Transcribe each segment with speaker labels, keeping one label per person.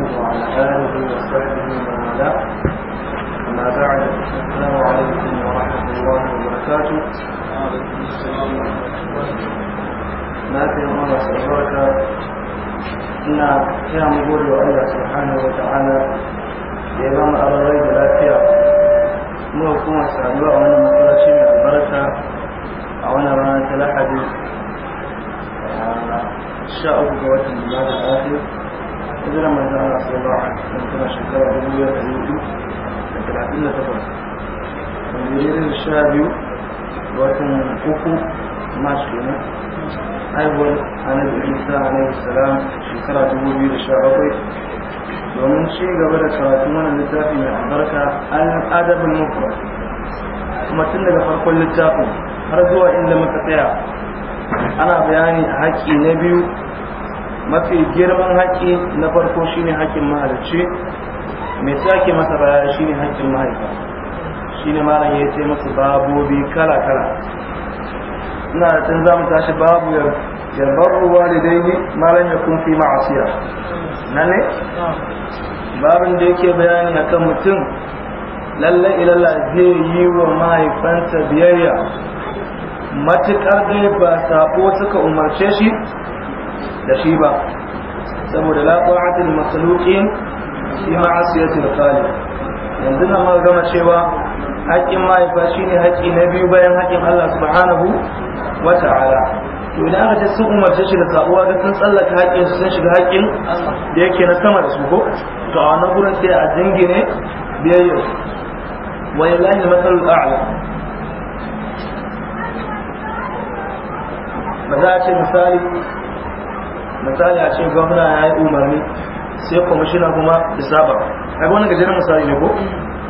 Speaker 1: محمدا وعلى آله وصحبه ومن والاه أما بعد السلام عليكم ورحمة الله وبركاته وعليكم السلام ورحمة الله وبركاته ما
Speaker 2: ina kira mu gode wa Allah subhanahu wa ta'ala da ya ba
Speaker 1: mu arorai da lafiya muka kuma saduwa a wani masallaci mai albarka a wani rana ta lahadi sha uku ga watan da za ta إذا لما جاء رسول الله عليه وسلم كما شكرا بنية الوجود لكن العدلة تطلع ومدير الشابي وكان كوكو ماشكينا أول أنا عيسى عليه
Speaker 2: السلام شكرا بنية الشابي domin ci gaba da karatun wannan littafi mai albarka an adabin muku kuma tun daga farkon littafin har zuwa inda muka tsaya ana bayani a haƙƙi na biyu mafi girman haƙƙi na farko shine haƙƙin mahalicci mai sake masa baya shine haƙƙin mahaifa shine malam ya ce masu babobi kala kala ina da tun za tashi babu yarbar ruwa da daidai malam ya kun fi ma'asiya nan ne babin da yake bayani kan mutum lalle ilalla zai yi wa mahaifansa biyayya Matukar dai ba sabo suka umarce shi da shi ba saboda la ta'atul makhluqin fi ma'asiyatil khaliq yanzu nan mun gama cewa haƙƙin mahaifa ne haƙƙi na biyu bayan haƙƙin Allah subhanahu wa ta'ala to idan aka ce sun umarce shi da sabuwa ga sun tsallaka haƙƙin sun shiga haƙƙin da yake na sama da su ko to a wannan gurin sai a jingine biyayyar wa lillahi masalul a'la ba za a ce misali misali a ce gwamna ya yi umarni sai kwamishina kuma ya saba a ga wani gajeren misali ne ko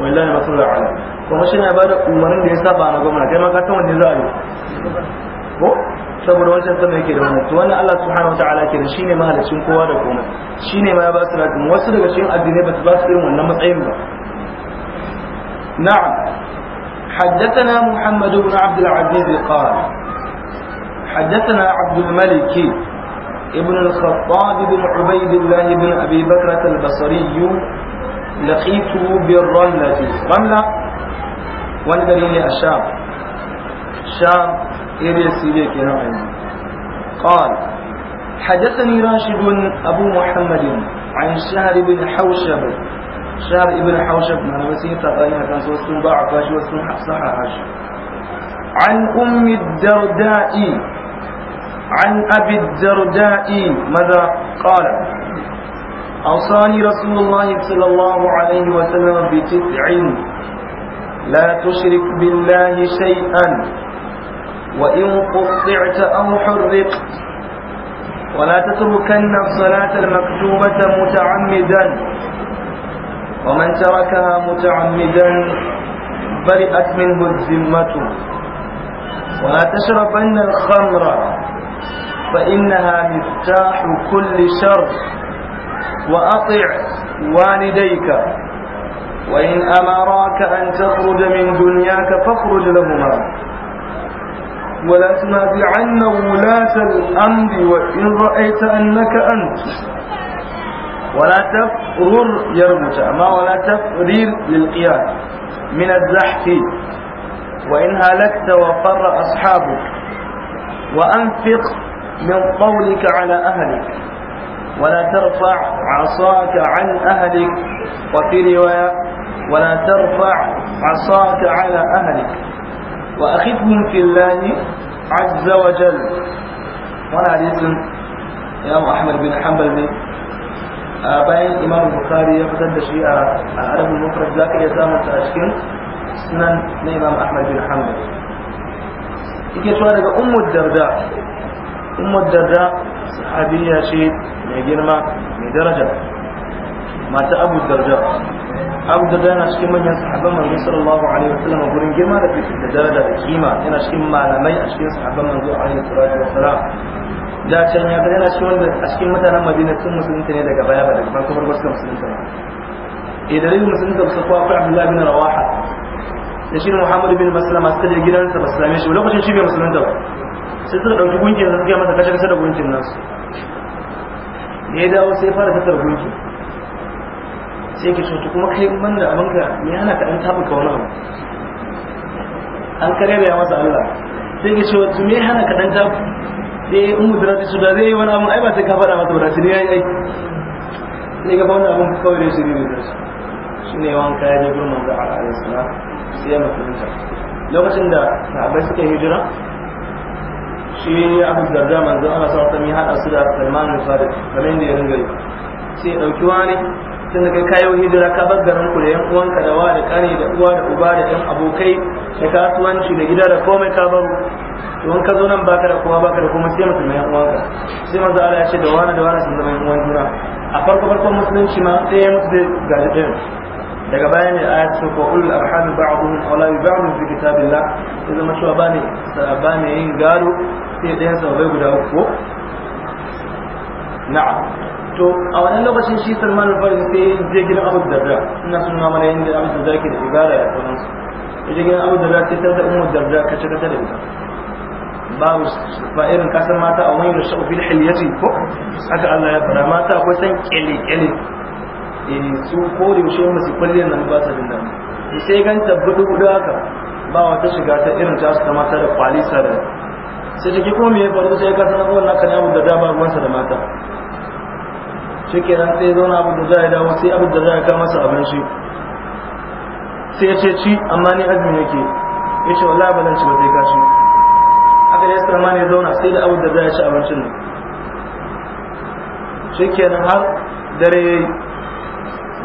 Speaker 2: wallahi na masu ra'ala kwamishina ya bada umarnin da ya saba na gwamna kai maka ka wani zai ko saboda wancan sama yake da wannan to wannan Allah subhanahu wataala da shine mahalicin kowa da komai shine ma ya ba su lafiya wasu daga cikin addinai ba su ba su irin wannan matsayin ba na'am حدثنا محمد بن عبد العزيز قال حدثنا عبد الملك ابن الخطاب بن عبيد الله بن أبي بكرة البصري لقيته بالرملة رملة والدليل الشام الشام إيريا سيديك نعم قال حدثني راشد أبو محمد عن شهر بن حوشب شهر ابن حوشب من وسيم تقريبا كان سوى باع عن أم الدرداء عن أبي الدرداء ماذا قال أوصاني رسول الله صلى الله عليه وسلم بتسع لا تشرك بالله شيئا وإن قطعت أو حرقت ولا تتركن الصلاة المكتوبة متعمدا ومن تركها متعمدا برئت منه الذمة ولا تشربن الخمر فإنها مفتاح كل شر وأطع والديك وإن أمراك أن تخرج من دنياك فاخرج لهما ولا تنازعن ولاة الأمر وإن رأيت أنك أنت ولا تفرر يرمت ما ولا تفرير للقيام من الزحف وإن هلكت وفر أصحابك وأنفق من قولك على أهلك ولا ترفع عصاك عن أهلك وفي رواية ولا ترفع عصاك على أهلك وأخذهم في الله عز وجل وانا حديث إمام أحمد بن حنبل بن أبين إمام البخاري يفتد شيء الأدب المفرد لكن يسام التأشكين سنن إمام أحمد بن حنبل إكي شوارك أم الدرداء umar darda sahabiya ce mai girma mai daraja mata abu darda abu darda yana cikin manyan sahabban manzo sallallahu alaihi wasallam gurin girma da fitin da daraja da kima yana cikin malamai a cikin sahabban manzo alaihi salatu wasalam da can ya yana cikin wanda a cikin mutanen madina sun musulunta ne daga baya ba daga farko farko suka musulunta ne eh dalilin musulunta su kuwa akwai abdullahi bin rawaha da shi muhammadu bin maslama suka je gidansa ba su same shi lokacin shi bai musulunta ba sai suka ɗauki gunkin su suke masa kashe-kashe da gunkin nasu ya dawo sai fara tattar gunki sai ke cutu kuma kai man da abinka ne ana ka ɗan taɓa ka wani abu an karere ya masa Allah sai ke cutu me hana ka ɗan taɓa sai in mutu ta cuta zai yi wani abin ai ba sai ka faɗa masa ba ne ya yi aiki sai ga wani abin kawai da shi ne da su shi ne wanka kaya ne gurin manzo a alaihi sai ya mutunta lokacin da ta sahabbai suka hijira shi abu darda manzo ana sa wata ya hada su da salman al fari kamar yadda ya ringa yi sai dauki wani tun daga kayo hijira ka bar garin ku da yan uwanka da wa da da uwa da uba da yan abokai da kasuwanci da gida da komai ka baro to in ka zo nan baka da kowa baka da kuma sai mutum yan uwanka sai manzo Allah ya ce da wani da wani sun zama uwan juna a farko farko musulunci ma ɗaya mutu da gaji ɗayan daga bayan ne a yasa ko ulul arham ba'dhum awla bi ba'd fi kitabillah ya zama cewa bane yin gado sai da ɗaya bai guda uku na'am to a wannan lokacin shi salman alfarin sai je gidan abu darda ina sun ma mana inda abu darda ke da ibada ya kwanan su ya je gidan abu darda sai tar da umar darda kace kace da ita babu ba irin kasar mata a wani rashin fil hilyati ko haka Allah ya fara mata akwai san kele kele eh su ko da yaushe mu su kulle nan ba su dinda eh, sai ganta budu budu haka ba wata shiga ta irin ta su ta mata da kwalisa da sai take kuma mai ya faru sai ka sanar wannan kan abu da dama ruwansa da mata shikenan sai zauna abu da za ya dawo sai abu da za ya kama masa abin shi sai ya ce ci amma ni azumi yake ya ce wallahi ba ci ba sai ka ci aka yi sarama ma ne zauna sai da abu da za ya ci abincin nan shikenan har dare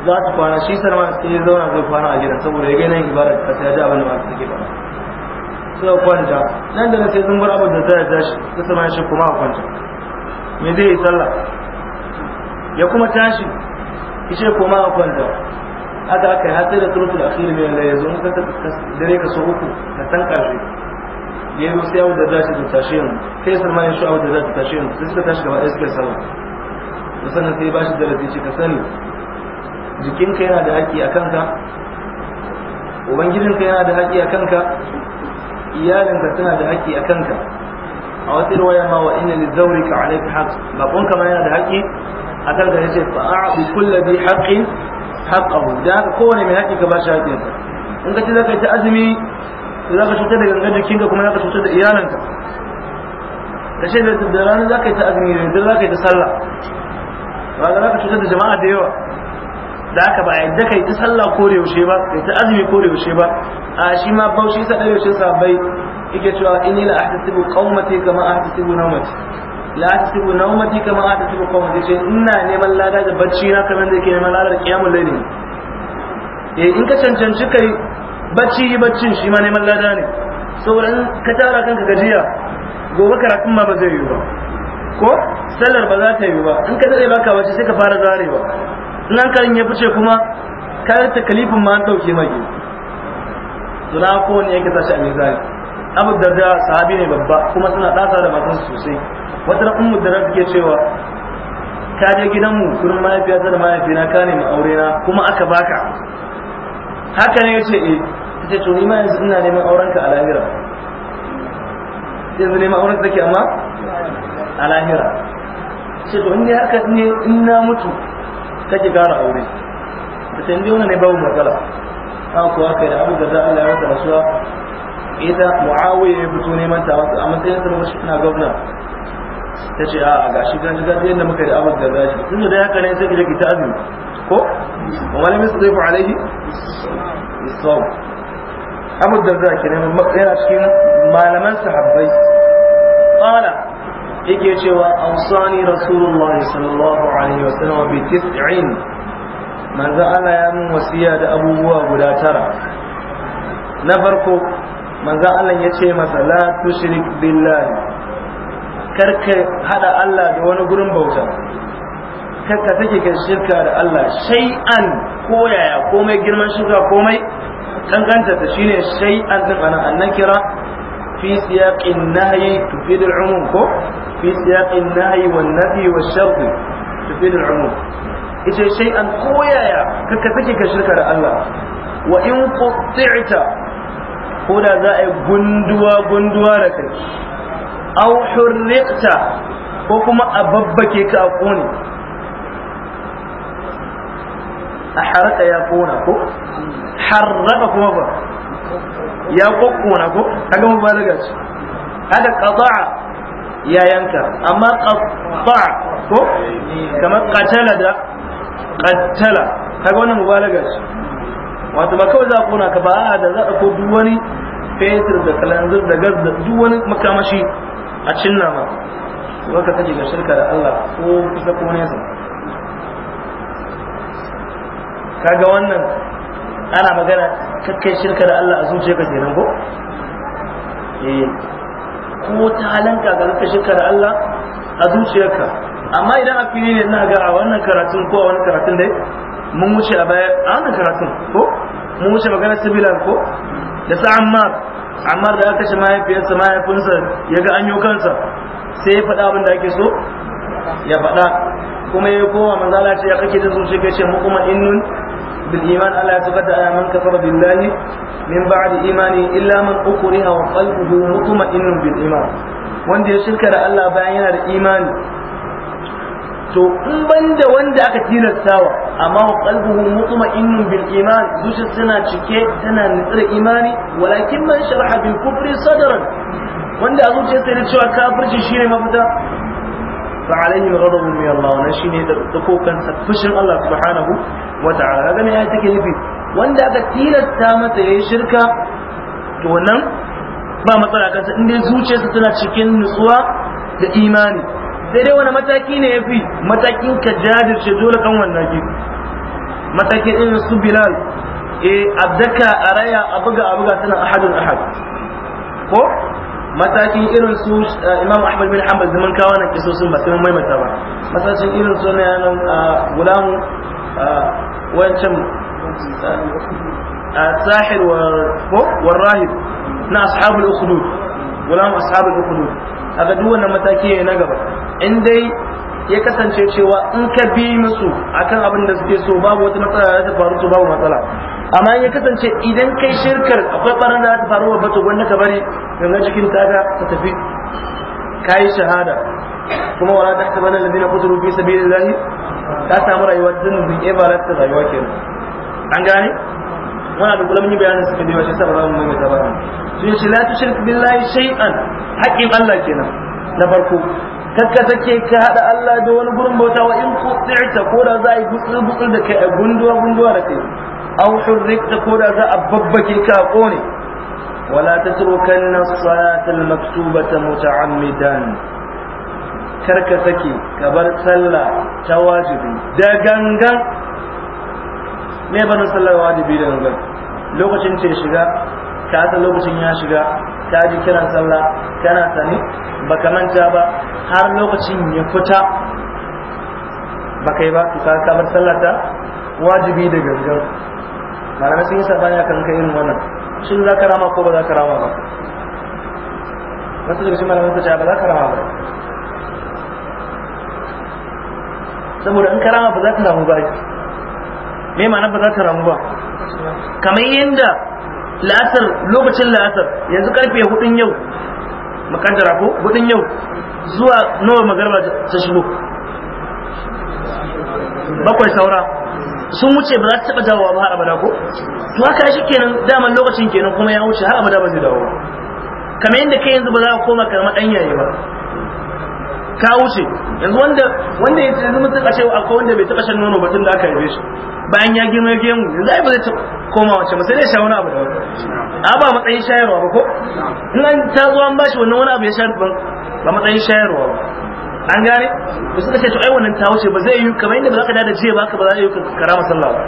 Speaker 2: za ta kwana shi sarama sai ya zauna zai kwana a gidan saboda ya gina yin ibarar ta sai ya ji abin da ba ta take ba. suka kwanta nan da sai sun bar abin da zai tashi ta sama shi kuma a kwanta me zai yi sallah ya kuma tashi ce kuma a kwanta haka aka yi hatsari da turkul akhir mai da yanzu ta dare ka so uku ka san karfe ya yi sai abu da za shi tashi yanzu sai salma ya shi abu da zai ta tashi yanzu sai suka tashi gaba ɗaya suka sallah sannan sai ba shi darasi ce ka sani jikinka yana da haƙƙi a kanka ubangijinka yana da haƙƙi a kanka iyalinka tana da haƙƙi a kanka a wata riwaya ma wa inna li zawrika alayka haqq babban kama yana da haƙƙi a kanka yace fa a'ti kulli bi haqqin haqqahu da haka kowane mai haƙƙi ka ba shi haƙƙinsa in ka ce zaka yi ta azumi to zaka cutar da gangan jikinka kuma zaka cutar da iyalinka ka ce da rana zaka yi ta azumi da dare zaka yi ta sallah ba za ka cutar da jama'a da yawa da aka ba a yadda kai ta sallah ko da yaushe ba kai ta azumi ko da yaushe ba a shi ma baushi sa da yaushe bai yake cewa inni la ahtasibu qaumati kama ahtasibu nawmati la ahtasibu nawmati kama ahtasibu qaumati ce. ina neman lada da bacci na kamar da yake neman lada da qiyamul layl E, eh, in ka cancanci kai bacci yi baccin shi ma neman lada ne saboda in ka tara kanka gajiya gobe karatun ma ba zai yi ba ko sallar ba za ta yi ba in ka dade baka bacci sai ka fara zarewa nan hankalin ya fice kuma kar ta kalifin ma ɗauke mage suna ne yake tashi a mizani abu da sahabi ne babba kuma suna ɗasa da matansu sosai wata na ummu darda ke cewa ka je gidanmu gurin mahaifiyata da mahaifina ka nemi aure na kuma aka baka haka ne yace eh tace to ni ma yanzu ina neman auren ka a lahira yanzu neman auren take amma a lahira sai to in ne haka ne in na mutu kake gara aure da sai biyu ne babu matsala an kuwa kai da abu da za Allah ya masa rasuwa ita muawiya ya fito neman ta wasu a matsayin sa shi tana gwamna ta ce a ga shi gaji gaji yadda muka da abu da gaji tun da haka ne sai ki je ta azumi ko wa lam yusrifu alayhi isawm abu da zaki ne yana cikin malaman sahabbai qala yake cewa ansani rasulullahi sallallahu alaihi sallam bi tis'in manzo Allah ya mun wasiya da abubuwa guda tara na farko manzo Allah ya ce masa la tushrik billahi karka hada Allah da wani gurin bauta karka take ka shirka da Allah shay'an an yaya komai girman shirka komai kankanta ta shine shay'an din anan annan kira fi siyaqin nahyi tufidul umum ko في سياق النهي والنفي والشرط تفيد العموم إذا شيئا قويا يا ككفك كشركة الله وإن قطعت هنا ذا بندوا بندوا لك أو حرقت وكما أببك كأقوني أحرق يا قونا حرق كما با يا قونا كو كما مبالغة هذا قطع ya yanka amma qatta ko kamar qatala da qatala kaga wannan mubalaga ce wato ba kawai za ku na ka ba da za a ko duk wani fetur da kalanzir da gas da duk wani makamashi a cinna ma to ka kaje ga shirka da Allah ko kusa ko nesa kaga wannan ana magana kakkai shirka da Allah a zuciyarka kenan ko eh ko ta halanka ga ka shekara Allah a zuciyarka amma idan a fili ne na ga a wannan karatun ko a wani karatun dai mun wuce a baya a wannan karatun ko mun wuce magana sabila ko da sa ammar ammar da aka kashe mahaifiyarsa mahaifinsa ya ga an yi kansa sai ya faɗa abin da ake so ya faɗa kuma ya yi kowa manzala ce ya kake da zuciya kai ce mu kuma innun بالإيمان ألا تقدأ من كفر بالله من بعد إيمانه إلا من أكره وقلبه مطمئن بالإيمان wanda ya shirka da Allah bayan da imani to in banda wanda aka tilastawa amma wa qalbuhu mutma'innun bil iman zuciya suna cike tana nutsar imani walakin man sharaha bil kufri sadran wanda a zuciya sai da cewa kafirci shine mafita fa alayhi ghadabun min Allah wannan shine da dukokan fushin Allah subhanahu wa ta'ala kaga me ya take nufi wanda aka tilasta masa yayi shirka to wannan ba matsala kansa in dai zuciyarsa tana cikin nutsuwa da imani sai dai wani mataki ne yafi matakin ka jajirce dole kan wannan gefe matakin irin su Bilal eh abdaka araya abuga abuga tana ahadun ahad ko matakin irin su eh, imam ahmad bin hanbal zaman kawo na kiso sun ba sai mun maimaita ba matakin irin su ne nan eh, gulamu eh, wancan الساحر والراهب نا أصحاب الأخدود غلام أصحاب الأخدود هذا ne na gaba in dai. ya kasance cewa in ka bi musu akan abin da suke so babu wata matsala da ta faru to babu matsala amma ya kasance idan kai shirkar akwai barin da ta faru ba to gwanda ka bari ganga cikin taga ta tafi kai shahada kuma wala ta ta bana ladina kuturu fi sabilillahi ta samu rayuwa din zuke eh, ba ta rayuwa kenan an gane wannan da kullum mun yi bayanin suka biyo shi saboda mun mai tabata sun ce la tushrik billahi shay'an haqqin Allah kenan na farko kakka take ka hada Allah da wani gurin bauta wa in kutsirta ko da za a yi gutsul gutsul da kai a gunduwa gunduwa da kai aw ta ko da za a babbake ka a kone wala tatrukanna as-salata ta maktubata muta'ammidan karka take ka bar sallah ta wajibi da gangan me bana sallah wajibi da gangan lokacin ta shiga ka san lokacin ya shiga ta ji kiran sallah tana sani baka manta ba har lokacin ya fita baka yi ba to ka ka sallah ta wajibi da gangan malamai sun yi sabani akan kai irin wannan shin za ka rama ko ba za ka rama ba wasu daga cikin malamai ta ba za ka rama ba saboda in karama ba za ta ramu ba me ma'ana ba za ta ramu ba kamar yadda la'asar lokacin la'asar yanzu karfe hudun yau makaddara ko hudun yau zuwa nawa magarba ta shigo bakwai saura sun wuce ba za ta taba dawowa ba har abada ko to haka shi kenan daman lokacin kenan kuma ya wuce har abada ba zai dawo kamar yadda kai yanzu ba za ka koma kamar dan yayi ba ka wuce yanzu wanda wanda yanzu mun taba cewa akwai wanda bai taba shan nono batun da aka yi shi bayan ya girma gemu yanzu ai ba zai taba koma ma wace sai zai sha wani abu da wani a ba matsayin shayarwa ba ko in an ta zo an bashi wannan wani abu ya shayarwa ba matsayin shayarwa ba an gane ba su ce to ai wannan ta wuce ba zai yi kamar inda ba za ka dada jiya ba ka ba za a yi kara sallah ba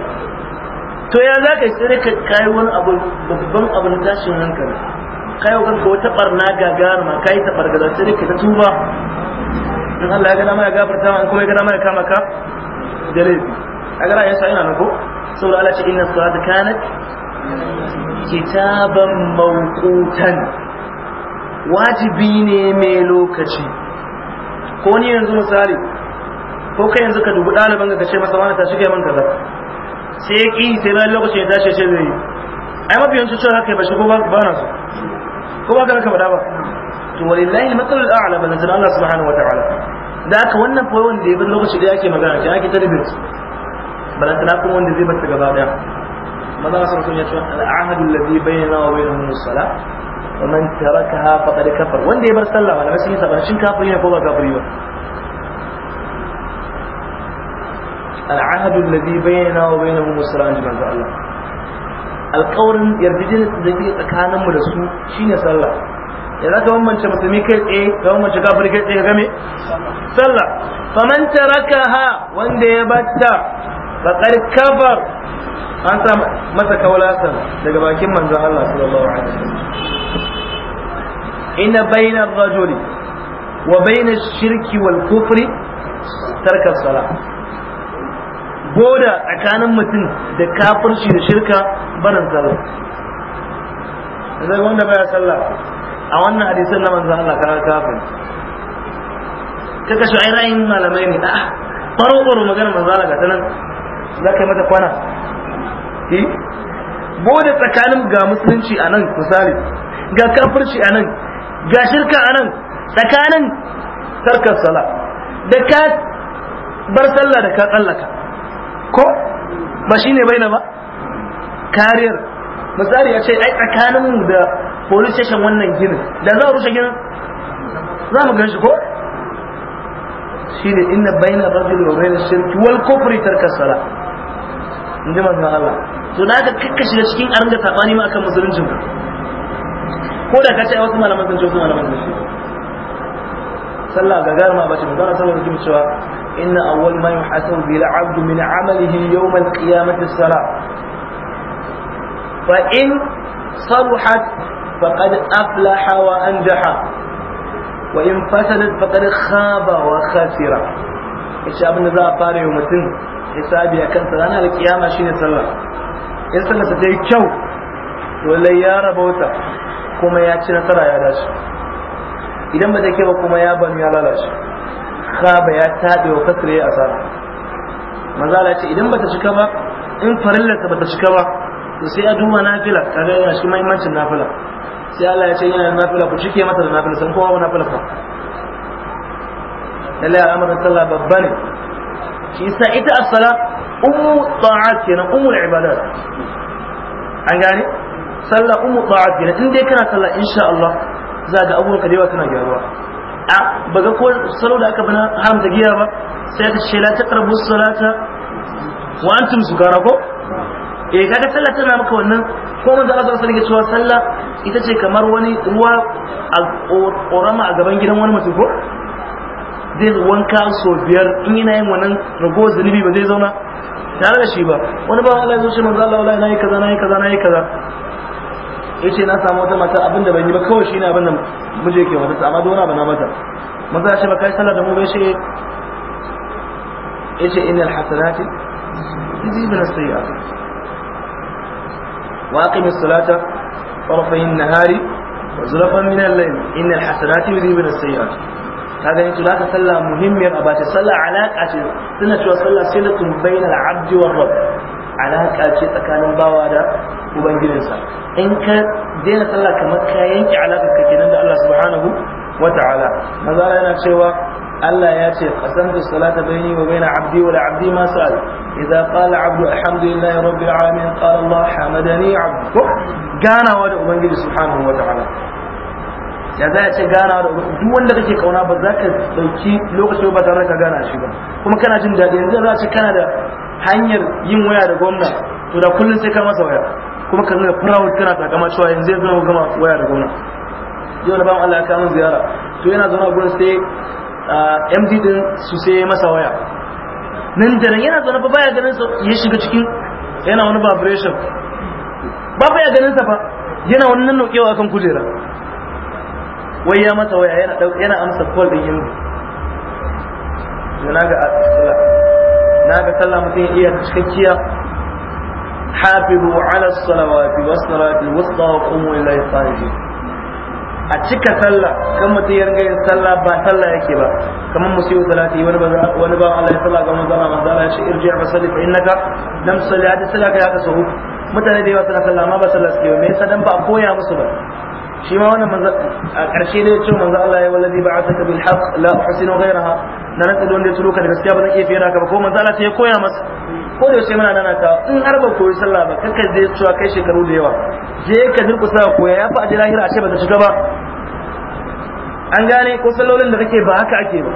Speaker 2: to ya za ka yi sai ka kayi wani abu babban abu na tashin hankali kai wa kanka wata barna gagara ma kai ta bargaza sai ka ta tuba in Allah ya ga dama ya gafarta ma in kuma ya ga dama ya kama ka da laifi a ga ra'ayin sa ina nan ko saboda Allah ce inna da kanat kitaban mawqutan wajibi ne mai lokaci ko ni yanzu misali ko kai yanzu ka dubi ɗaliban ka ce masa wani tashi kai man kaza sai ya ƙi sai bayan lokaci ya tashi ce zai yi ai mafi yanzu cewa haka ba shi ko ba na su ko ba ka raka da ba to walillahi matsalul a'la balantana Allah subhanahu wa ta'ala da aka wannan fa wanda ya bi lokaci da yake magana ta ake tarbiyar na kuma wanda zai bata gaba daya maza a mutum ya ce al'ahadu ladhi bayyana wa bayyana as-sala wa man tarakaha faqad kafar wanda ya bar sallah wala sun yi sabar kafar kafiri ne ko ba kafiri ba al'ahadu ladhi bayyana wa bayyana as-sala ji manzo Allah alƙawarin yarjejin da ke tsakaninmu da su shine sallah ya za ka bambance musulmi kai tsaye ka bambance kafir kai tsaye ka game sallah faman ha wanda ya batta faqad kafar an sa masa kaulatan daga bakin manzon Allah sallallahu alaihi wasallam inna bayna ar-rajuli wa baina ash-shirki wal kufri tarka salat boda tsakanin mutum da kafirci da shirka barin sallah zai wanda baya sallah a wannan hadisin na manzon Allah kana kafin kaka shi ai ra'ayin malamai ne a faro magana manzon Allah ga tanan za ka yi mata kwana eh? Bude tsakanin ga musulunci a nan misali ga kafirci a nan ga shirka a nan tsakanin tarkar sala da ka bar sallah da ka tsallaka ko ba shi ne baina ba kariyar misali ya ce ai tsakanin da police station wannan ginin da za a rushe ginin za mu ganshi shi ko shi ne inna baina rajul wa baina shirki wal kufri tarkar sala in ji manzon Allah to da ka kakka shiga cikin a ringa sabani ma akan musuluncin ka ko da ka ce wasu malaman sun ce wasu malaman sun ce sallah gagarma ba ce manzon Allah sallallahu alaihi cewa inna awwal ma yuhasabu bil abd min amalihi yawm al qiyamati as-salah fa in saluhat faqad aflaha wa anjaha wa in fasadat faqad khaba wa khasira yace abin da za a fara yi mutum hisabi a kansa da kiyama shine sallah in sallar ta yi kyau wallahi ya rabauta kuma ya ci nasara ya dace idan ba ta ba kuma ya ban ya lalace khaba ya tabe wa kasre ya asara mazala ce idan bata cika ba in farillarsa bata cika ba to sai a duba nafila kaga yana shi mahimmancin nafila sai Allah ya ce yana da nafila ku cike mata da nafila san kowa nafila fa lallai al'amarin sallah babba ne shi sa ita as-sala ummu ta'at kenan umu ibadat an gane sallah umu ta'at kenan in dai kana sallah insha Allah za ga abubuwan kadewa suna gyaruwa a baga ko salo da aka bana haramta giya ba sai ta ce la karbu salata wa antum sukara ko eh kaga sallah tana maka wannan ko manzo Allah sallallahu alaihi wasallam cewa sallah ita ce kamar wani ruwa a korama a gaban gidan wani mutum ko zai wanka so biyar in yana yin wannan ragowar zunubi ba zai zauna tare da shi ba wani ba Allah ya zo shi manzo Allah wallahi nayi kaza nayi kaza nayi kaza yace na samu wata mata abinda da ban yi ba kawai shine abin da muje yake wata amma dole ba mata maza shi ba kai sallah da mu bai shi yace innal hasanati sayyi'at wa salata طرفي النهار وزلفا من الليل إن الحسنات يذيبن السيئات ka gani to zaka sallah muhimmiyar aba ce sallah alaka ce suna cewa na silatun bainal abdi war rabb alaka ce tsakanin bawa da ubangijinsa in ka daina sallah kamar ka yanke alaka ka kenan da Allah subhanahu wata'ala maza yana cewa Allah ya ce qasamtu salata baini wa baina abdi wa abdi ma sa'al idza qala abdu alhamdulillahi rabbil alamin qala Allah hamadani abdu ganawa da ubangiji subhanahu wata'ala ya za a ce gana duk wanda kake kauna ba za ka dauki lokaci ba tare ka gana shi ba kuma kana jin daɗi yanzu za a ce kana da hanyar yin waya da gwamna to da kullum sai ka masa waya kuma ka nuna proud kana takama cewa yanzu zai zama gama waya da gwamna yau na bamu Allah ya kawo ziyara to yana zama gurin sai MD din su sai masa waya nan da nan yana zaune ba baya ganin sa ya shiga cikin yana wani vibration ba baya ganin sa fa yana wani nan nokewa kan kujera wai ya masa waya yana dauka yana amsa call din yanzu Na ga sallah ga sallah mutum ya iya cikakkiya حافظوا على الصلوات wasta wa qumu ila قانتين a cika sallah kan mutum ya ringa yin sallah ba sallah yake ba kamar musu yi salati wani ba wani ba Allah ya sallah ga mun zama manzo Allah ya ce irji fa salli fa innaka lam salli hadi salaka ya ka sahu mutane da yawa suna sallah amma ba sallah suke ba me yasa dan ba koya musu ba shi ma wannan manzo a ƙarshe ne ce manzo Allah ya wallazi ba'athaka bil haqq la uhsinu ghayraha na nan da wanda ya turo ka da gaskiya ba zan iya fiyar ka ba ko manzo Allah sai ya koya masa ko da yaushe muna nana ta in har ba koyi sallah ba kanka zai cewa kai shekaru da yawa je ka durkusa koya ya fa a lahira a ce ta shiga ba an gane ko sallolin da kake ba haka ake ba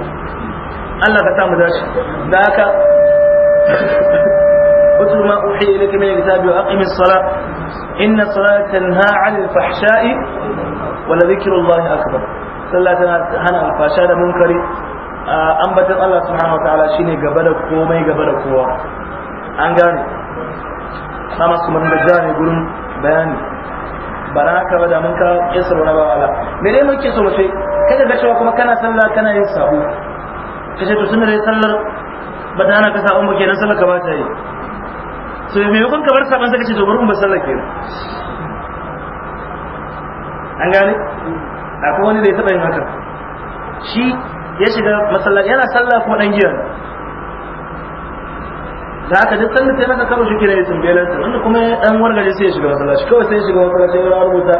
Speaker 2: Allah ka samu dashi da haka utul ma uhiya ilayka min al-kitabi wa aqimis salat إن الصلاة تنهى عن الفحشاء ولذكر الله أكبر صلاة تنهى الفحشاء منكر أنبتن الله سبحانه وتعالى شيني قبل كومي قبل كوا an gane sama su mun gajiya ne gurin bayani ba na haka ba da ka kesa wani ba wala me dai mun kesa mace kada ga cewa kuma kana sallah kana to sallar ba ta hana ka so maimakon ka bar saban saka ce to bari mu ke an gane akwai wani da ya taɓa yin haka shi ya shiga masallaci yana sallah kuma dan giya da haka duk sanda sai maka karo shi kira ya tambaye lansa wanda kuma dan wargaje sai ya shiga masallaci kawai sai ya shiga masallaci ya rubuta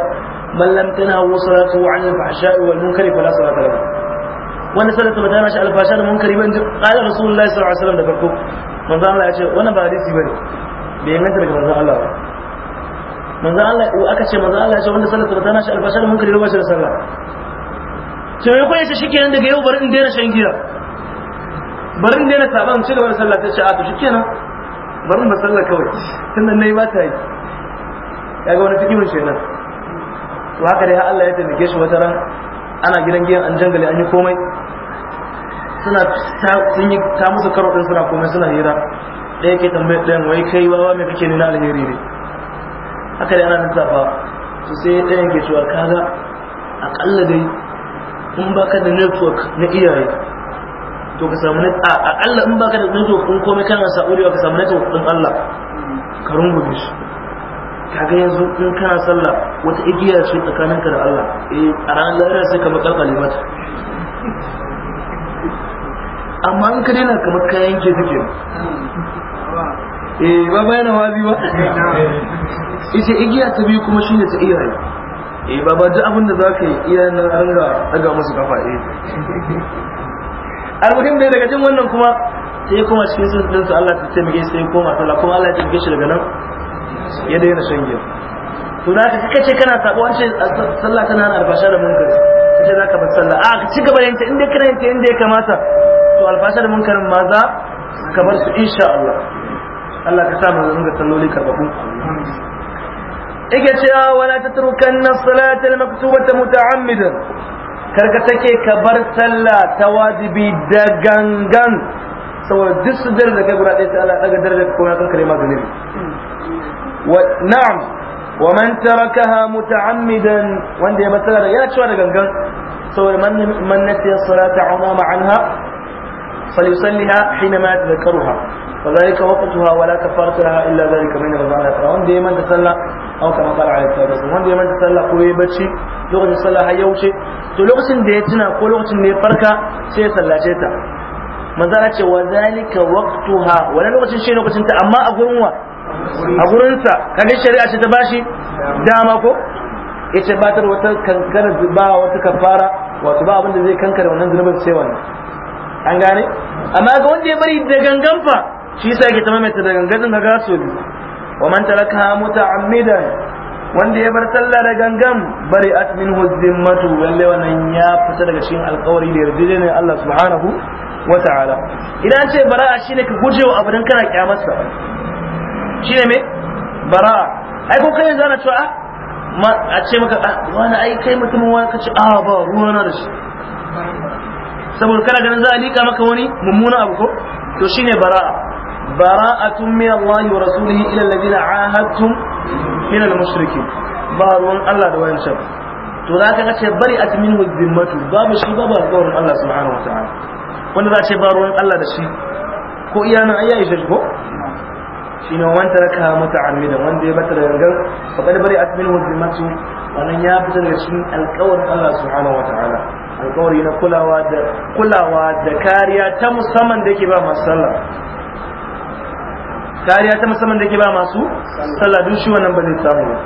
Speaker 2: man tana tanahu salatu wa anil fahsha'i wal munkari fala salata lahu wanda sallata ba ta nashi alfasha da munkari ba in ji qala rasulullahi sallallahu alaihi wasallam da farko manzo Allah ya ce wannan ba hadisi bane bai inganta daga manzan Allah ba manzan Allah aka ce manzan Allah ya ce wanda sallar ta nashi alfasha da munkari ba shi da sallah ce me ko yace shikenan daga yau bari in daina shan giya bari in daina saban ci gaba da sallar ta ce a to shikenan bari in ba sallah kawai tunda nayi ba ta yi kaga wani fikihun shenan to haka dai har Allah ya taimake shi wata ran ana gidan giyan an jangale an yi komai suna sun yi ta musu karo din suna komai suna hira da yake tambayar ɗayan wai kai wawa mai kake nuna alheri ne haka dai ana lissafa to sai ɗayan ke cewa kaga aƙalla dai in baka da network na iyaye to ka samu aƙalla in baka da network in komai kana sa'udewa ka samu network ɗin Allah ka rungume shi kaga yanzu in kana sallah wata igiya ce tsakaninka da Allah eh a ranar lahira sai ka makalkale kalimat amma in ka daina kamar kayan ke take eh ba bayan hawa biyu ba ita igiya ta biyu kuma shine ta iyaye eh ba ba duk abin da za yi iyayen nan ranga daga musu kafa eh almuhim dai daga jin wannan kuma sai kuma cikin sun dinsu Allah ta taimake sai ya koma sallah kuma Allah ya taimake shi daga nan ya daina shan giya to da ka kace kana sabo wace sallah tana hana albasha da munkari kace za ka bar sallah a ka ci gaba da yanta inda kana yanta inda ya kamata to albasha da munkarin ma za ka bar su insha Allah Allah ka sa mu dinga salloli karbabu yake cewa wala na salata al-maktubata muta'ammidan karka take ka bar sallah ta wajibi da gangan saboda duk su da kai guda ɗaya sai Allah daga darajar ko ya kankare ma zunubi wa na'am wa man tarakaha muta'ammidan wanda ya matsala da ya cewa da gangan saboda man man nasiya salata umama anha falyusalliha hina ma yatadhakkaruha فذلك وقتها ولا كفرت لها إلا ذلك من رمضان فهم دائما تسلى أو كما قال عليه الصلاة والسلام هم دائما تسلى قوي بشي لغة تسلى هيا وشي تو لغة ديتنا كل لغة دي فركة سي سلى شيتا مزالة وذلك وقتها ولا لغة شي لغة انت أما أقولوا أقولوا كان الشريعة تباشي دامكو yace ba ta wata kankara ba wata kafara wato ba abin da zai kankara wannan zunubin sai wannan an gane amma ga wanda ya bari da gangan fa shi yasa ke tama mai da gangan su gasul wa man taraka muta'ammidan wanda ya bar sallah da gangan bari at minhu zimmatu lalle wannan ya fita daga cikin alƙawari da yarjejeniyar Allah subhanahu wa ta'ala idan ce bara'a shine ka gujewa abu dan kana kyamarsa shine me bara'a ai ko kai zana cewa ah, a ce maka ah, wani ai kai mutumin wani kace a ah, ba ruwana da shi saboda kana ganin za a lika maka wani mummuna abu ko to shine bara'a bara'atun min Allah wa rasulihi ila alladhina ahadtum min al-mushrikin ba ruwan Allah da wayan shaf to za ka ce bari at minhu zimmatu babu shi babu alƙawarin Allah subhanahu wa ta'ala wanda za ce ba ruwan Allah da shi ko iyana ayyaye shi ko shine wanda raka mata amida wanda ya bata da gangan fa kad bari at minhu zimmatu wannan ya fita daga cikin alƙawarin Allah subhanahu wa ta'ala alƙawari na kulawa da kulawa da kariya ta musamman da ke ba masu sallah kariya ta musamman da ke ba masu sallah duk shi wannan ba zai samu ba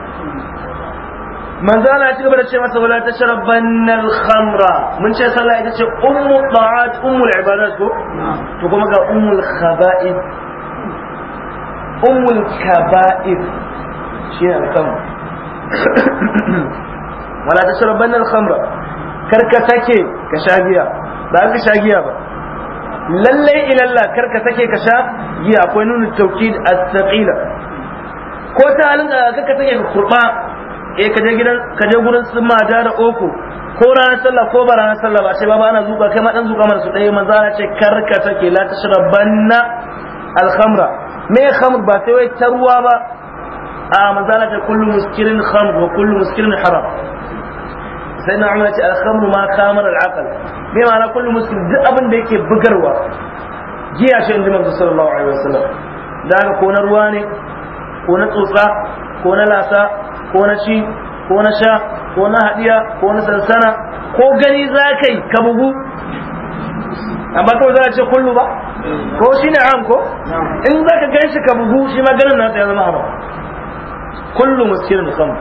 Speaker 2: manzo Allah ya ci gaba da ce masa wala tashrabanna al-khamra mun ce sallah ita ce ummu ta'at al ibadat ko to kuma ga al-khaba'id ummu al kaba'ith shi ne kan wala tashrabanna al-khamra karka take ka sha giya ba ka sha giya ba lallai ilalla karka take ka sha giya akwai nuna taukid as-saqila ko ta halin da ah, kaka take ka kurba eh ka je gidan ka je gurin su ma da da oko ko ranar sallah ko ba ranar sallah ba sai baba ana zuba kai ma dan zuba mana su dai manzo ana ce karka take la tashrabanna al-khamra me khamr ba sai wai tarwa ba a ah, manzo ta kullu muskirin khamr wa kullu muskirin haram sai na umar ce al-khamru ma khamar al-aqal me ma'ana kullu muskir duk abin da yake bugarwa Jiya ce in ji manzo sallallahu alaihi wasallam da haka ko na ruwa ne ko na tsotsa ko na lasa ko na ci ko na sha ko na hadiya ko na sansana ko gani za ka yi ka bugu amma kawai za a ce kullu ba ko shi ne an ko in za ka gan shi ka bugu shi ma ganin na ya zama haram kullu muskilin musamman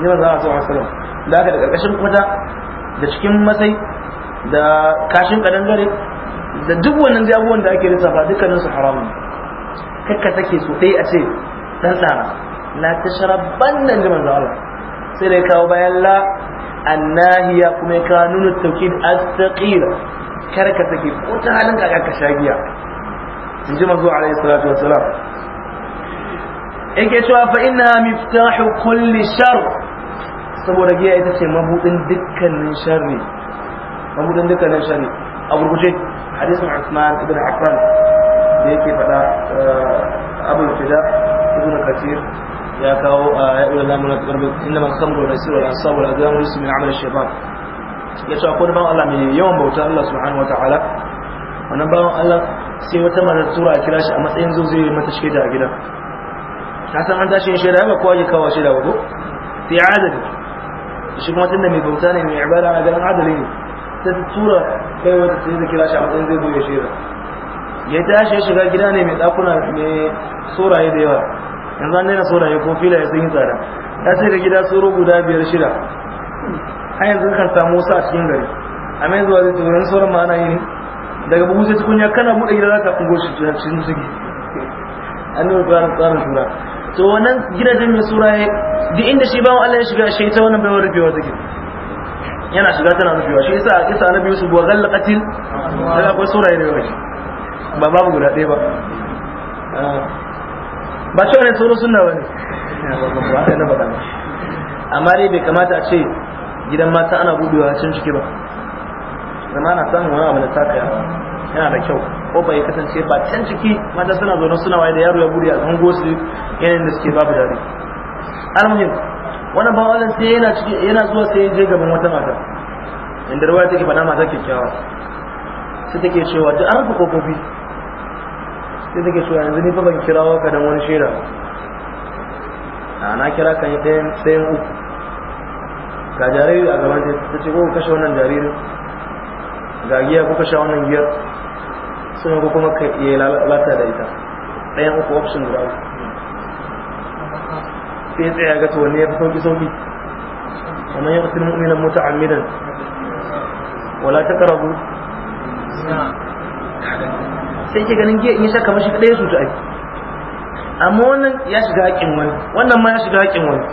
Speaker 2: ne ba za a sallallahu alaihi wasallam da haka da karkashin kwata da cikin masai da kashin kadangare da duk wannan abubuwan da ake lissafa dukkanin su haramun kakka take su dai a ce dan tsara la tashraban nan da manzo Allah sai dai kawo bayan la annahiya kuma ya kawo nunu tawkid at-taqila kar ka ko ta halin ka ka shagiya inji manzo alaihi salatu wassalam yake cewa fa inna miftahu kulli shar saboda giya ita ce mabudin dukkanin sharri mabudin dukkanin sharri a gurguje hadisin Usman ibn Affan da yake faɗa Abu Fida ibn Kathir ya kawo ya ɗora lamu na tsarbi inda man kamro da sirwa an saboda zan rusu min amal shabab ya ce akwai bawan Allah mai yawan bauta Allah subhanahu wa ta'ala wannan bawan Allah sai wata mata tura a kira shi a matsayin zo zai mata shaida a gida ta san an tashi shaida ba kowa ya kawo shaida ba ko sai adali shi kuma tunda mai bauta ne mai ibada a garin adali ne ta tura kai wata sai da kira shi a matsayin zai zo ya shera ya tashi ya shiga gida ne mai ɗakuna mai soraye da yawa yanzu an daina soraye ko filaye sun yi tsada ya ce ga gida soro guda biyar shida har yanzu kan samu wasu a cikin gari a mai zuwa zai tsoron sauran ma ana yi ne daga bugu sai tukunya kana buɗe gida za ka kungo shi cikin ciki an nuna tsarin tsarin shura to wannan gidajen mai sura ya duk inda shi bawan Allah ya shiga shi ta wannan baiwar rufewa take yana shiga tana nufiwa shi yasa isa na biyu su buwa gallakatin daga akwai sura ne yawanci ba babu guda ɗaya ba ah, ba ce ne sauran suna ba ne amma dai bai kamata a ce gidan mata ana buɗewa can ciki ba zama na samun wani abu da taka yawa yana da kyau ko bai kasance ba can ciki mata suna zaune suna waye da yaro ya buɗe a zango su yanayin da suke babu dare almuhim wannan ba sai yana yana zuwa sai je gaban wata mata inda ruwa take fada mata kyakkyawa sai take cewa duk an rufe kofofi sai take cewa yanzu ni fa ban kirawo ka dan wani shaida na kira kan yi ɗayan tsayin uku ga jariri a gaban ta ce ko kashe wannan jaririn ga giya ko kashe wannan giyar sun ko kuma ka iya lalata da ita ɗayan uku option guda sai ya tsaya ga to wanne ya fi sauki sauki kamar ya sun mu'minan muta'ammidan wala ta karabu sai ke ganin giya in ya saka mashi ɗaya su ta aiki amma wannan ya shiga haƙƙin wani wannan ma ya shiga haƙƙin wani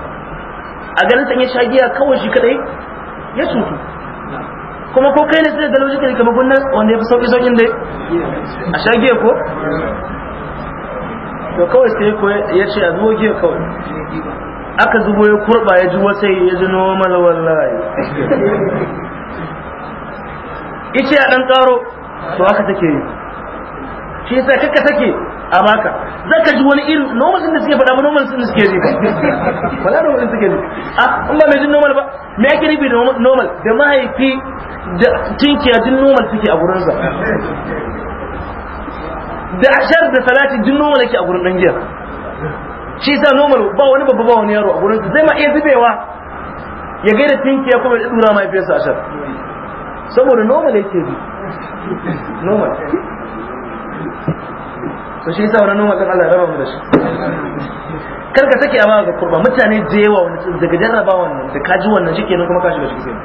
Speaker 2: a ganin sa in ya sha giya kawai shi kaɗai ya sutu kuma ko kai ne sai da lauji kai kamar gunnan wanda ya fi sauƙi sauƙin dai a sha giya ko to kawai sai ko ya ce a zuwa giya kawai aka zubo ya kurba ya ji wasai ya ji normal wallahi ice a dan karo to haka take yi shi sai kaka take a baka zaka ji wani irin normal din da suke faɗa ba normal din suke ji wala normal din suke ji A in ba mai jin normal ba me yake nufi da normal da mahaifi da a jin normal suke a gurin sa da ashar da salati duk normal yake a gurin dan giya shi sa normal ba wani babba ba wani yaro a gurin zai ma iya zubewa ya gaida ya kuma ya dura mahaifiyarsa ashar saboda normal yake bi normal to shi sa wani normal din Allah ya raba mu da shi kar ka sake amana ga kurba mutane da yawa wani daga jarraba wannan da kaji wannan shi kenan kuma ka shiga shi sai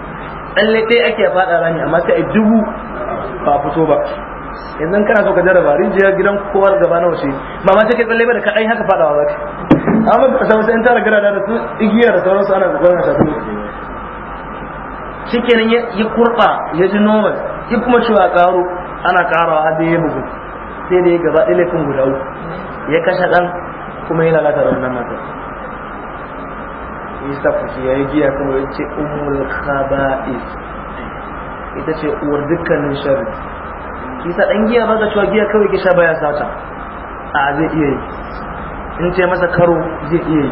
Speaker 2: lalle dai ake faɗa rani amma sai a dubu ba fito ba yanzu kana so ka jarraba rijiyar gidan kowa da gaba nawa ce ba ma sai kai tsalle ba da kaɗai haka faɗawa ba ka amma ka samu wasu yan tara gara da su igiya da sauransu ana da kwanar shafi shi kenan ya kurɓa ya ji nomad ya kuma cewa ƙaro ana ƙarawa har da ya bugu sai da ya gaba ɗaya laifin guda uku ya kashe ɗan kuma ya lalata da wannan matar isa fushi ya yi giya kuma ya ce umul khaba'is ita ce uwar dukkanin sharri shi sa dan giya ba ga ta giya kawai sha baya sata a zai iya yi in ce masa karo zai iya yi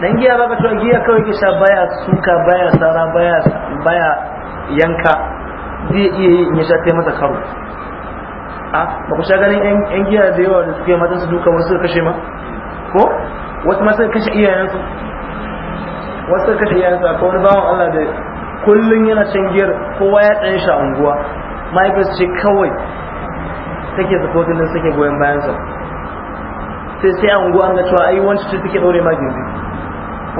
Speaker 2: dan giya ba ga cewa giya kawai sha baya suka baya sara baya baya yanka zai iya yi in ya sha ta masa karo a ba ku sha ganin yan giya da yawa da suke matan su duka wasu kashe ma ko wasu ma sai kashe iyayensu wasu kashe iyayensu akwai wani bawan Allah da kullum yana can giyar kowa ya tsaye shi a unguwa mahaifiyarsa ce kawai take supporting din suke goyon bayansa sai sai an guwa na cewa ai wancan cikin take dore ma gindi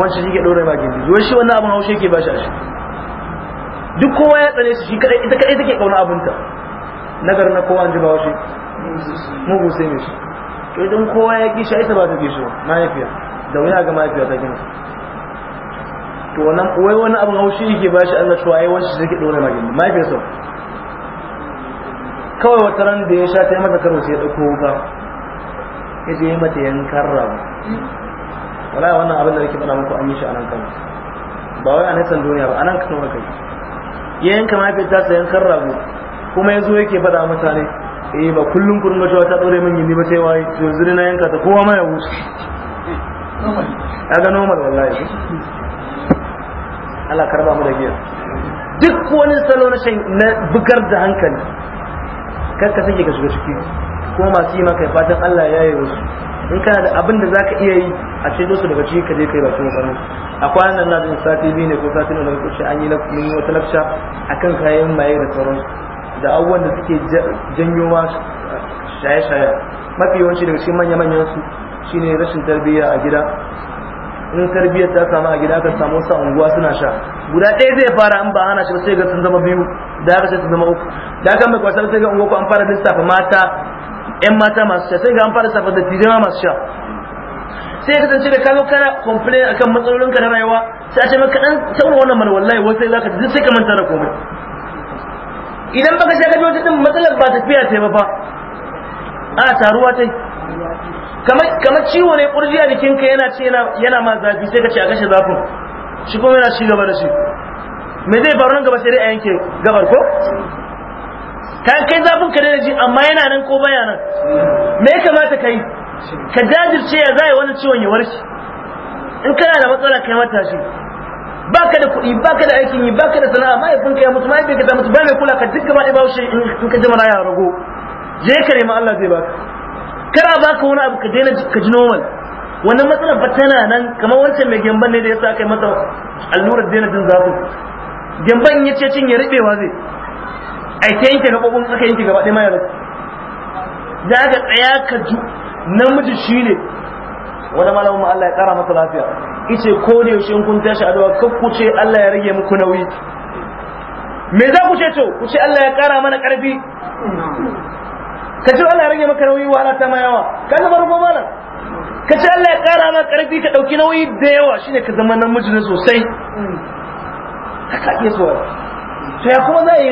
Speaker 2: wancan cikin dore ma gindi zuwa shi wannan abin haushe ke ba shi a shi duk kowa ya tsane shi kaɗai ita kadai take kauna abinta nagar na kowa an ji ba haushe mugu sai ne shi to idan kowa ya gisha ita ba ta gisha mahaifiya da wuya ga mahaifiya ta gina to wannan wai wani abin haushi yake ba shi an ga cewa ai wancan cikin dore ma gindi mahaifiyarsa kawai wata ran da ya sha ta yi mata karo sai ya ɗauko wuka ya je mata yankan rabu wala wannan abin da nake faɗa muku an yi shi a nan kama, ba wai a nasan duniya ba a nan kano kai ya yanka mafi ta sa yankan rabu kuma yanzu yake faɗa mutane eh ba kullum kun ga cewa ta ɗore min gindi ba sai waye to yanzu na yanka ta kowa ma ya wuce ya ga normal wallahi Allah karba mu da giya duk wani salo na bugar da hankali kar ka sake ka shiga ciki ko masu yi maka fatan Allah ya yi wasu in kana da abin da zaka iya yi a cikin su daga ciki ka je kai bakin kokarin a kwanan nan na jin sati biyu ne ko sati na da kuce an yi mun wata a akan kayan maye da tsaron, da abubuwan da suke janyo ma shaye-shaye mafi yawanci daga cikin manya-manyan su shine rashin tarbiyya a gida in tarbiyyar ta samu a gida aka samu sa unguwa suna sha guda ɗaya zai fara an ba ana shi sai ga sun zama biyu da haka sai ta zama uku da haka mai kwasar sai ga ungo an fara lissafa mata yan mata masu sha sai ga an fara lissafa da tijima masu sha sai ya kasance da ka zo kana complain akan matsalolinka na rayuwa sai a ce maka dan saboda wannan mana wallahi wasu za ka sai ka manta da komai idan baka sha kaji wata din matsalar ba tafiya ta ba fa a taruwa ta yi. kamar ciwo ne kurji a jikinka yana ce yana ma zafi sai ka ce a kashe zafin shi kuma yana ci gaba da shi me zai faru nan gaba sai dai a yanke gabar ko ka kai zafin ka daina ji amma yana nan ko baya nan me ya kamata ka yi ka jajirce ya zai wani ciwon ya warshi? in kana da matsala kai mata shi baka da kuɗi baka da aikin yi baka da sana'a mai fun ya mutu mai ka ta mutu ba mai kula ka duk gaba ɗaya ba shi in ka jima ya rago je ka nemi Allah zai baka kana baka wani abu ka daina ka ji normal wannan matsalar ba tana nan kamar wancan mai gemban ne da ya sa kai allurar daina jin zafin jamban ya ce cin ya riɓewa zai aike yanke gaɓoɓin aka yanke gaba ɗaya mayar za ka tsaya ka ju namiji shi ne wani malamin Allah ya ƙara masa lafiya ice ko da yaushe kun tashi a kar ku ce Allah ya rage muku nauyi me za ku ce to ku ce Allah ya ƙara mana ƙarfi ka ce Allah ya rage maka nauyi wahala ta ma yawa ka zama rubo malam ka ce Allah ya ƙara maka ƙarfi ka ɗauki nauyi da yawa shine ka zama namiji ne sosai haka ake so to ya kuma za a yi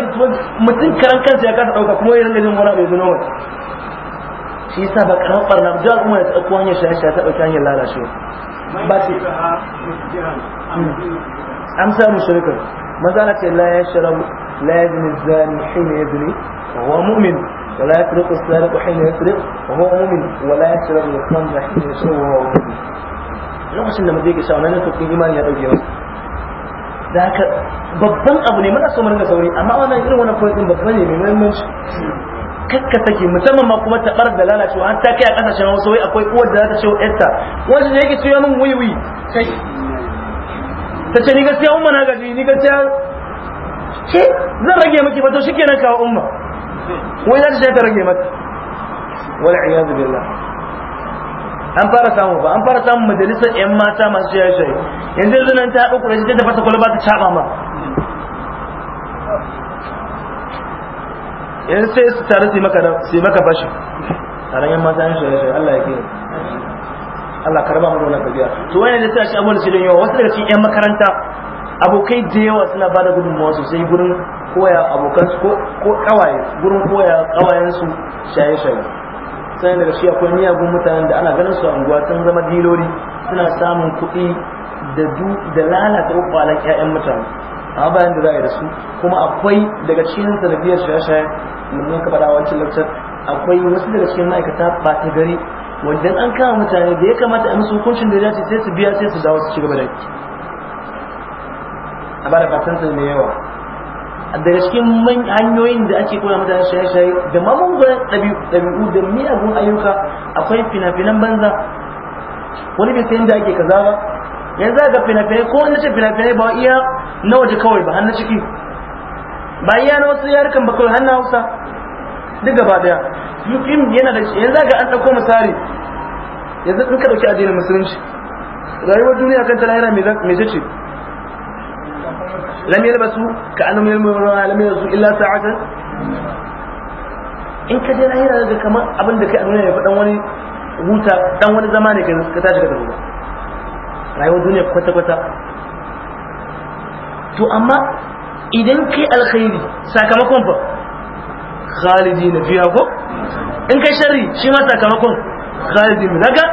Speaker 2: mutum karan kansa ya kasa ɗauka kuma ya rinka wani abu ya zuna wani shi yasa ba karan barna ba jihar umar ya tsakko hanyar shaye shaye ta hanyar lalacewa
Speaker 1: ba ce amsa mushrikin
Speaker 2: maza na ce la ya sharabu ya zini zani hina ya zini wa mu'min wa la ya tsirku sariku hina ya tsirku wa mu'min wa la ya sharabu da kwanza hina ya sharabu wa mu'min lokacin da mutum ya ne imani ya ɗauke masa da babban abu ne muna samar da sauri amma wannan irin wani point babban ne mai muhimmanci kakka take musamman ma kuma ta da lalacewa an ta kai a kasashen wasu wai akwai uwar da za ta ce wa esta wajen yake ciyo min wuiwi kai ta ce ni gaskiya umma na gaji ni gaskiya ce zan rage miki ba to shikenan kawo umma wai za ta ce ta rage maka wal iyadu billah an fara samu ba an fara samu majalisar yan mata masu shaye shaye yanzu yanzu nan ta haɗu kurashi ta tafasa kwalaba ta caɓa ma yanzu sai su tare su maka su maka bashi taron yan mata yan shaye shaye Allah ya kiyaye Allah karba mu wannan kabiya to wannan da sai abubuwan shi da yawa wasu daga cikin yan makaranta abokai da yawa suna ba da gudunmawa sosai gurin koya abokansu ko kawaye gurin koya kawayen su shaye shaye sai daga shi akwai miyagun mutanen da ana ganin su a unguwa sun zama diloli suna samun kuɗi da lalata kwalan 'ya'yan mutane a bayan da za a yi da su kuma akwai daga cikin sanadiyar shaye-shaye mun ka faɗa wancan akwai wasu daga cikin ma'aikata ba ta gari wanda an kama mutane da ya kamata a musu hukuncin da ya dace sai su biya sai su dawo su ci gaba da a bada fatansa ne yawa daga cikin hanyoyin da ake koya mutane shaye-shaye da mamugan ɗabi'u da miyagun ayyuka akwai fina-finan banza wani bai sayan da ake kaza ba yanzu ga fina-finai ko wanda ce fina-finai ba iya na waje kawai ba hannu ciki ba iya na wasu yarukan ba kawai hannu hausa duk gaba daya yukin yana da yanzu ga an ɗauko misali yanzu in ka ɗauki addinin musulunci rayuwar duniya kan ta lahira mai ce lam yalbasu ka annam yalmuna lam yalbasu illa sa'atan in ka je lahira da kamar abin da kai a duniya ya faɗan wani huta dan wani zama ne ka tashi ka tafi rayuwar duniya kwata kwata to amma idan kai alkhairi sakamakon fa khalidi na fiya ko in kai sharri shi ma sakamakon khalidi na ga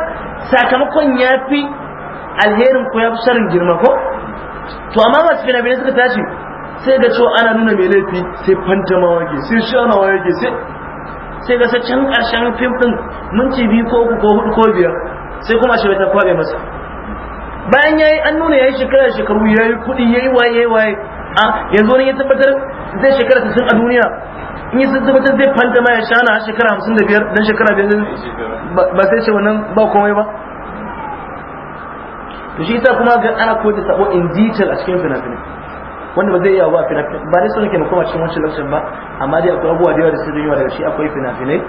Speaker 2: sakamakon ya fi alherin ko ya fi sharrin girma ko to amma masu fina bane suka tashi sai ga cewa ana nuna mai laifi sai fantamawa ke sai shanawa yake sai ga can karshen fim din minti biyu ko uku ko hudu ko biyar sai kuma shi ta kwabe masa bayan yayi an nuna yayi shekara shekaru yayi kudi yayi waye yayi waye a yanzu wani ya tabbatar zai shekara ta sun a duniya in yi sun tabbatar zai fantama ya shana a shekara hamsin da biyar dan shekara biyar ba sai ce wannan ba komai ba to shi yasa kuma ga ana koyar da sabo in detail a cikin fina-finai wanda ba zai iya ba fina-finai ba ne sun ke makoma cikin wancan lokacin ba amma dai akwai abubuwa da yawa da su yawa daga shi akwai fina-finai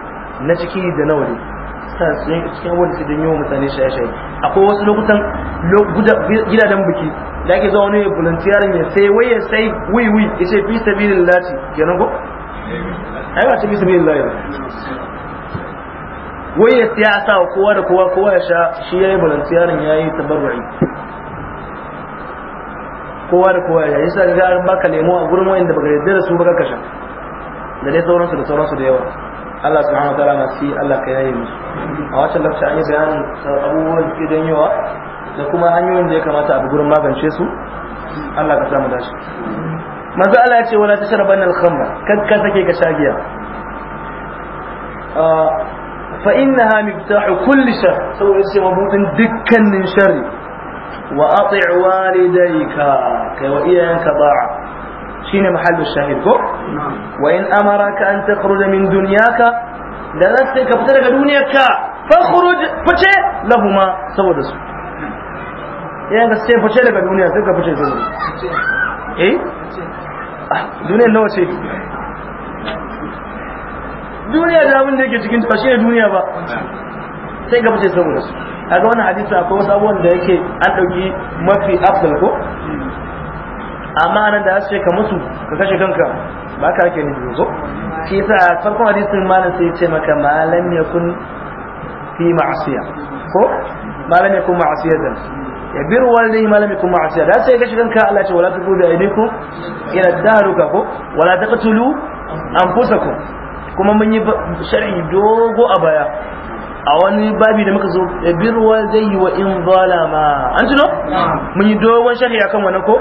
Speaker 2: na ciki da na waje cikin abubuwa da su wa mutane shaye-shaye akwai wasu lokutan gidajen biki da ake zuwa wani volunteering ya sai wai ya sai wiwi ya sai fi sabilin lati kenan ko? ai ba ta fi sabilin
Speaker 1: lati
Speaker 2: wai ya siya a sawa kowa da kowa kowa ya sha shi ya yi balantiyarin ya yi tabarwari kowa da kowa ya yi sa ga an baka lemo a gurin wayanda baka yarda da su baka kashe da dai sauransu da sauransu da yawa Allah subhanahu wa ta'ala na siya Allah ka yaye musu a wacce lafci an yi bayanin abubuwan da suke janyowa da kuma hanyoyin da ya kamata a gurin magance su Allah ka samu dashi manzo Allah ya ce wala tashrabanna al-khamra kan ka sake ka sha giya ah, فإنها مفتاح كل شر سوى يسي مبوطن دكا من شر وأطع والديك كوئيانك ضاع شين محل الشاهد كو نعم. وإن أمرك أن تخرج من دنياك دلستك بترك دنياك فخرج فچه لهما سوى دسو يانك سيان فچه لك دنياك فچه سوى دنياك
Speaker 1: إيه أه،
Speaker 2: دنياك نوشي duniya da abin da yake cikin ta shi ne duniya ba sai ga mace saboda su kaga wannan hadisi akwai wasu abubuwan da yake an dauki mafi afdal ko amma anan da su ka musu ka kashe kanka ba ka ake nufi zo shi yasa farkon hadisin malam sai ce maka malam yakun fi ma'asiya ko malam yakun da ya bir walidai malam yakun ma'asiya da sai kashe kanka Allah ce wala tuqulu aydikum ila dahruka ko wala taqtulu anfusakum kuma mun yi sharhi dogo a baya a wani babi da muka zo eh, birwa zai yi wa in zalama an tuno mun yi dogon sharhi akan wannan ko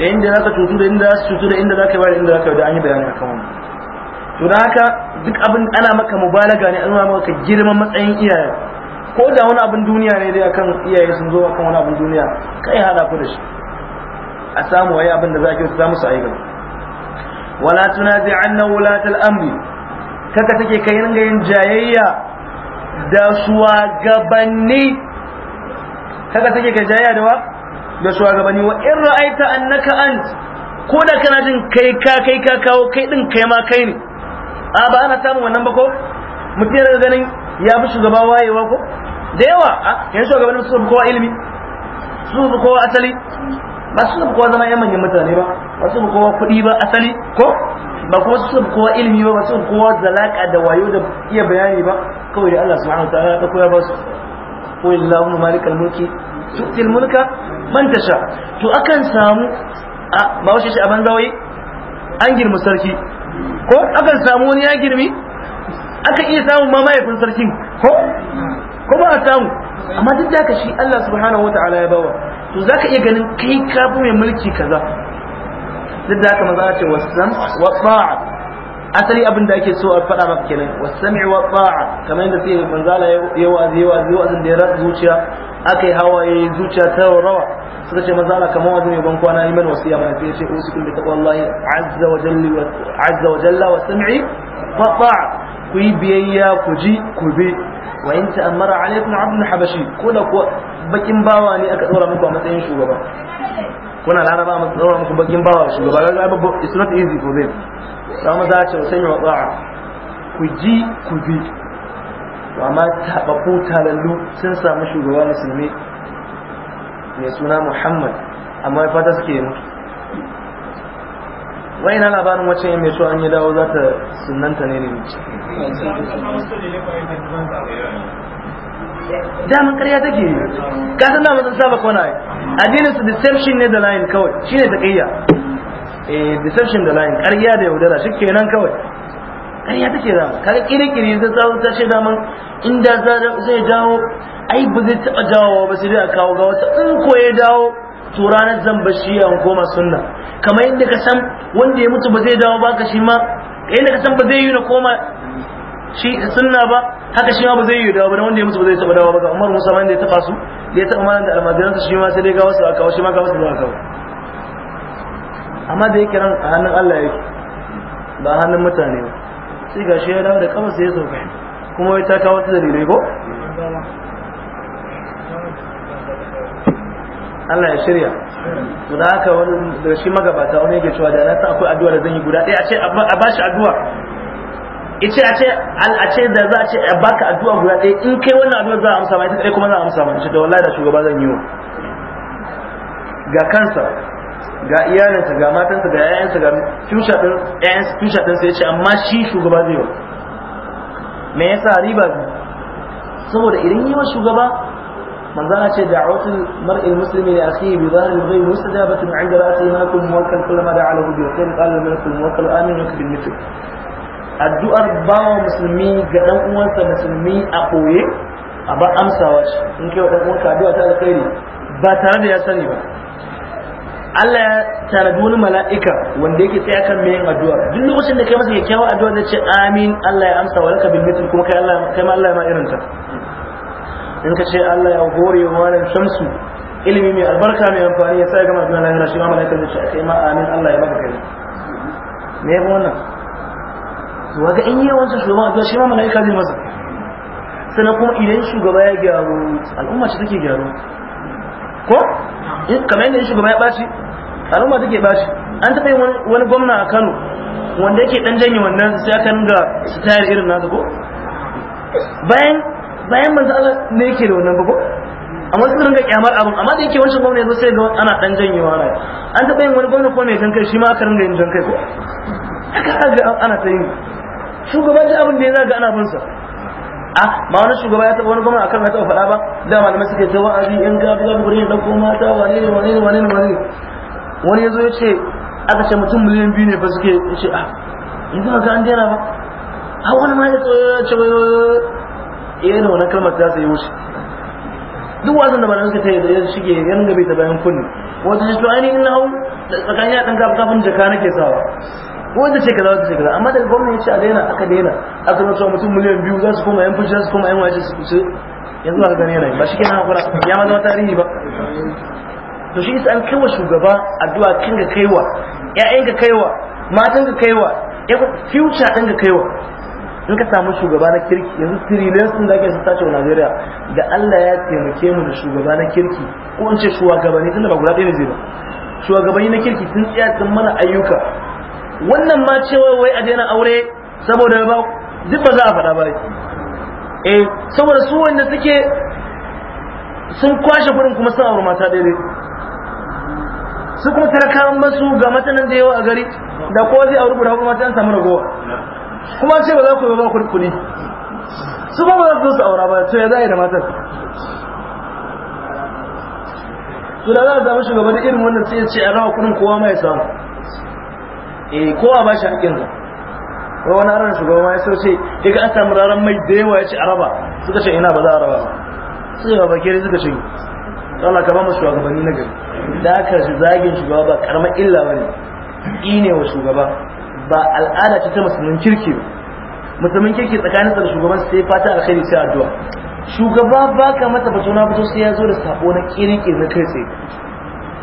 Speaker 2: da inda zaka tutu da inda zaka tutu da inda zaka yi da inda zaka da an yi bayani akan wannan to da haka duk abin ana maka mubalaga ne an ma maka girman matsayin iyaye ko da wani abin duniya ne dai akan iyaye sun zo akan wani abin duniya kai hada ku da shi a samu wai abin da zaki su za mu sa aika wala tunazi anna wulatal amri kaka take kai ringa yin jayayya da shugabanni kaka take kai jayayya da wa da shugabanni wa in ra'aita annaka ant ko da kana jin kai ka kai ka kawo kai din kai ma kai ne a ba ana samun wannan ba ko mutum yana ganin ya fi shugaba wayewa ko da yawa a yanzu shugabannin su kowa ilimi su kowa asali ba su kowa zama yan manyan mutane ba ba su kowa kuɗi ba asali ko ba kuma su ko kowa ilimi ba ba su kowa zalaka da wayo da iya bayani ba kawai da Allah subhanahu ta'ala ya koya ba su ko illahu malikal mulki tu'til mulka man tasha to akan samu a ba wace shi a banzawai an girmi sarki ko akan samu wani ya girmi aka iya samun ma mahaifin sarkin ko ko ba a samu amma duk da ka shi Allah subhanahu wa ta'ala ya bawa to zaka iya ganin kai ka mai mulki kaza duk da haka maza ce wasan wa ta'a asali abin da ake so a faɗa maka kenan wasami wa ta'a kamar yadda sai manzala ya wa'azi ya wa'azi wa'azin da ya ratsa zuciya akai hawaye zuciya ta rawa suka ce manzala kamar wa'azin mai ban kwana iman wasiya mana sai ya ce usikum bi kulle azza wa jalla wa azza wa jalla wa sam'i wa ta'a ku yi biyayya ku ji ku bi wa in ta'ammara alaykum abdul habashi ko da ko bakin bawa ne aka dora muku a matsayin shugaba kuna laraba mu zama muku bakin bawa shugaba ga ba it's not easy for them za mu za ce sai mu ba ku ji ku bi to amma ta talallu sun samu shugaba musulmi mai suna Muhammad amma ya fata suke mutu wai na labarin wacce mai so an yi dawo za ta sunanta ne ne
Speaker 1: daman karya take ne ka san
Speaker 2: da mun saba kona ai addinin su deception ne da lain kawai shine ta kiyya eh deception da lain ƙarya da yaudara shikenan kawai ƙarya take da kaga kirkiri da tsawo ta ce da man inda zai dawo ai ba zai taɓa dawo ba sai dai a kawo ga wata in ko ya dawo to ranar zan bar shi an koma sunna kamar inda ka san wanda ya mutu ba zai dawo ba ka shi ma inda ka san ba zai yi na koma shi sunna ba haka shi ma ba zai yi dawo ba wanda ya mutu ba zai taba dawo ba ga Umar Musa wanda ya tafasu su ya taba malan da almajiransa shi ma sai dai ga wasu aka kawo shi ma ga wasu ba kawo amma da yake ran a hannun Allah yake ba a hannun mutane ba sai ga shi ya dawo da kafa sai ya sauka kuma wai ta kawo wasu dalilai ko
Speaker 1: Allah ya shirya
Speaker 2: to da haka wani da shi magabata wani yake cewa da na san akwai addu'a da zan yi guda ɗaya a ce a bashi addu'a ice a ce a ce da za a ce baka addu'a guda ɗaya in kai wannan addu'a za a amsa mai ita kuma za a amsa mai ce da wallahi da shugaba zan yi wa ga kansa ga iyalinsa ga matansa ga yayansa ga tusha din yayansa tusha din sai ya ce amma shi shugaba zai wa me yasa riba saboda idan yi wa shugaba manzana ce da'awatul mar'il muslimi li akhihi bi dhahril ghayb mustajabatun 'inda ra'sihi malakul muwakkal kullama da'a lahu bi khairin qala malakul muwakkal amin wa kadhib mithl addu'ar bawa musulmi ga dan uwansa musulmi a koye a ba amsawa shi in kai wa dan uwanka addu'a ta alkhairi ba tare da ya sani ba Allah ya da wani mala'ika wanda yake tsaya kan mai addu'a duk lokacin da kai masa kyakkyawar addu'a zai ce amin Allah ya amsa wa laka bil mithl kuma kai Allah kai ma Allah ya ma irin ta in ka ce Allah ya gore wa wannan shamsu ilimi mai albarka mai amfani ya sa gama addu'a na shi ma mala'ika zai ce kai ma amin Allah ya maka kai ne wannan to ga in yi wancan shugaban addu'a shi ma mala'ika zai masa sannan kuma idan shugaba ya gyaru al'umma ce take gyaru ko kama yadda shugaba ya ɓaci al'umma take ɓaci an taɓa yin wani gwamna a kano wanda yake ɗan janye wannan sai aka ringa su tayar irin nasa ko bayan bayan manzo Allah ne yake da wannan ba ko amma sun ringa kyamar abin amma da yake wancan gwamna ya zo sai ga ana ɗan janyewa rai an taɓa yin wani gwamna ko mai jankai shi ma aka ringa yin jankai ko haka ga ana ta yi shugaban da abin da ya zaga ana binsa a ma shugaba ya taɓa wani gwamna a kan na taba faɗa ba da malamai suke ta wa'azi yan gafi gafi gurin da ko mata wane ne wane ne wane ne wane ne wani ya zo ya ce aka ce mutum miliyan biyu ne fa suke ya ce a yanzu ga an daina ba a wani ma ya tsoye ya ce wai ya yi wani kalmar ta sai wuce duk wazan da malamai suka ta ya shige yan gabe ta bayan kunni wata ce to ainihin na hau tsakanin ya ɗan gafi kafin jaka nake sawa wanda ce kaza wanda ce kaza amma da gwamnati ya ce a daina aka daina aka nuna cewa mutum miliyan biyu za su koma yan fushi za su koma yan waje su kusa yanzu aka gane yana ba shi kenan hakura ya ma zama tarihi ba to shi isa an kaiwa shugaba addu'a kin ga kaiwa ƴaƴan ka kaiwa matan ka kaiwa ya future din ka kaiwa in ka samu shugaba na kirki yanzu trillions din da ake su tace Najeriya da Allah ya taimake mu da shugaba na kirki ko in ce shugabanni tunda ba guda ɗaya ne zai ba shugabanni na kirki sun tsaya sun mana ayyuka wannan ma cewa wai a daina aure saboda ba duk ba za a faɗa ba eh saboda su wanda suke sun kwashe kuɗin kuma sun aure mata daidai su kuma tarakawan su ga matanan da yawa a gari da kowa zai aure guda kuma matan samu ragowa kuma ce ba za ku yi ba kuɗi su ba ba za su aura ba to ya za a da matan to da za a zama shugaban irin wannan sai ya ce a rawa kuɗin kowa ma ya samu eh ko a bashi hakkin sa ko wani ran shugaban ma ya so ce daga an samu raran mai da yawa ya ce araba suka ce ina ba za a raba ba suka ba kere suka ce Allah ka ba mu shugabanni na gari da aka zagin shugaba ba karamar illa bane ine wa shugaba ba al'ada ce ta musulmin kirki ba musulmin kirki tsakanin da shugaban sai fata alkhairi sai addu'a shugaba ba ka mata fito na fito sai ya zo da sako na kirki na kai tsaye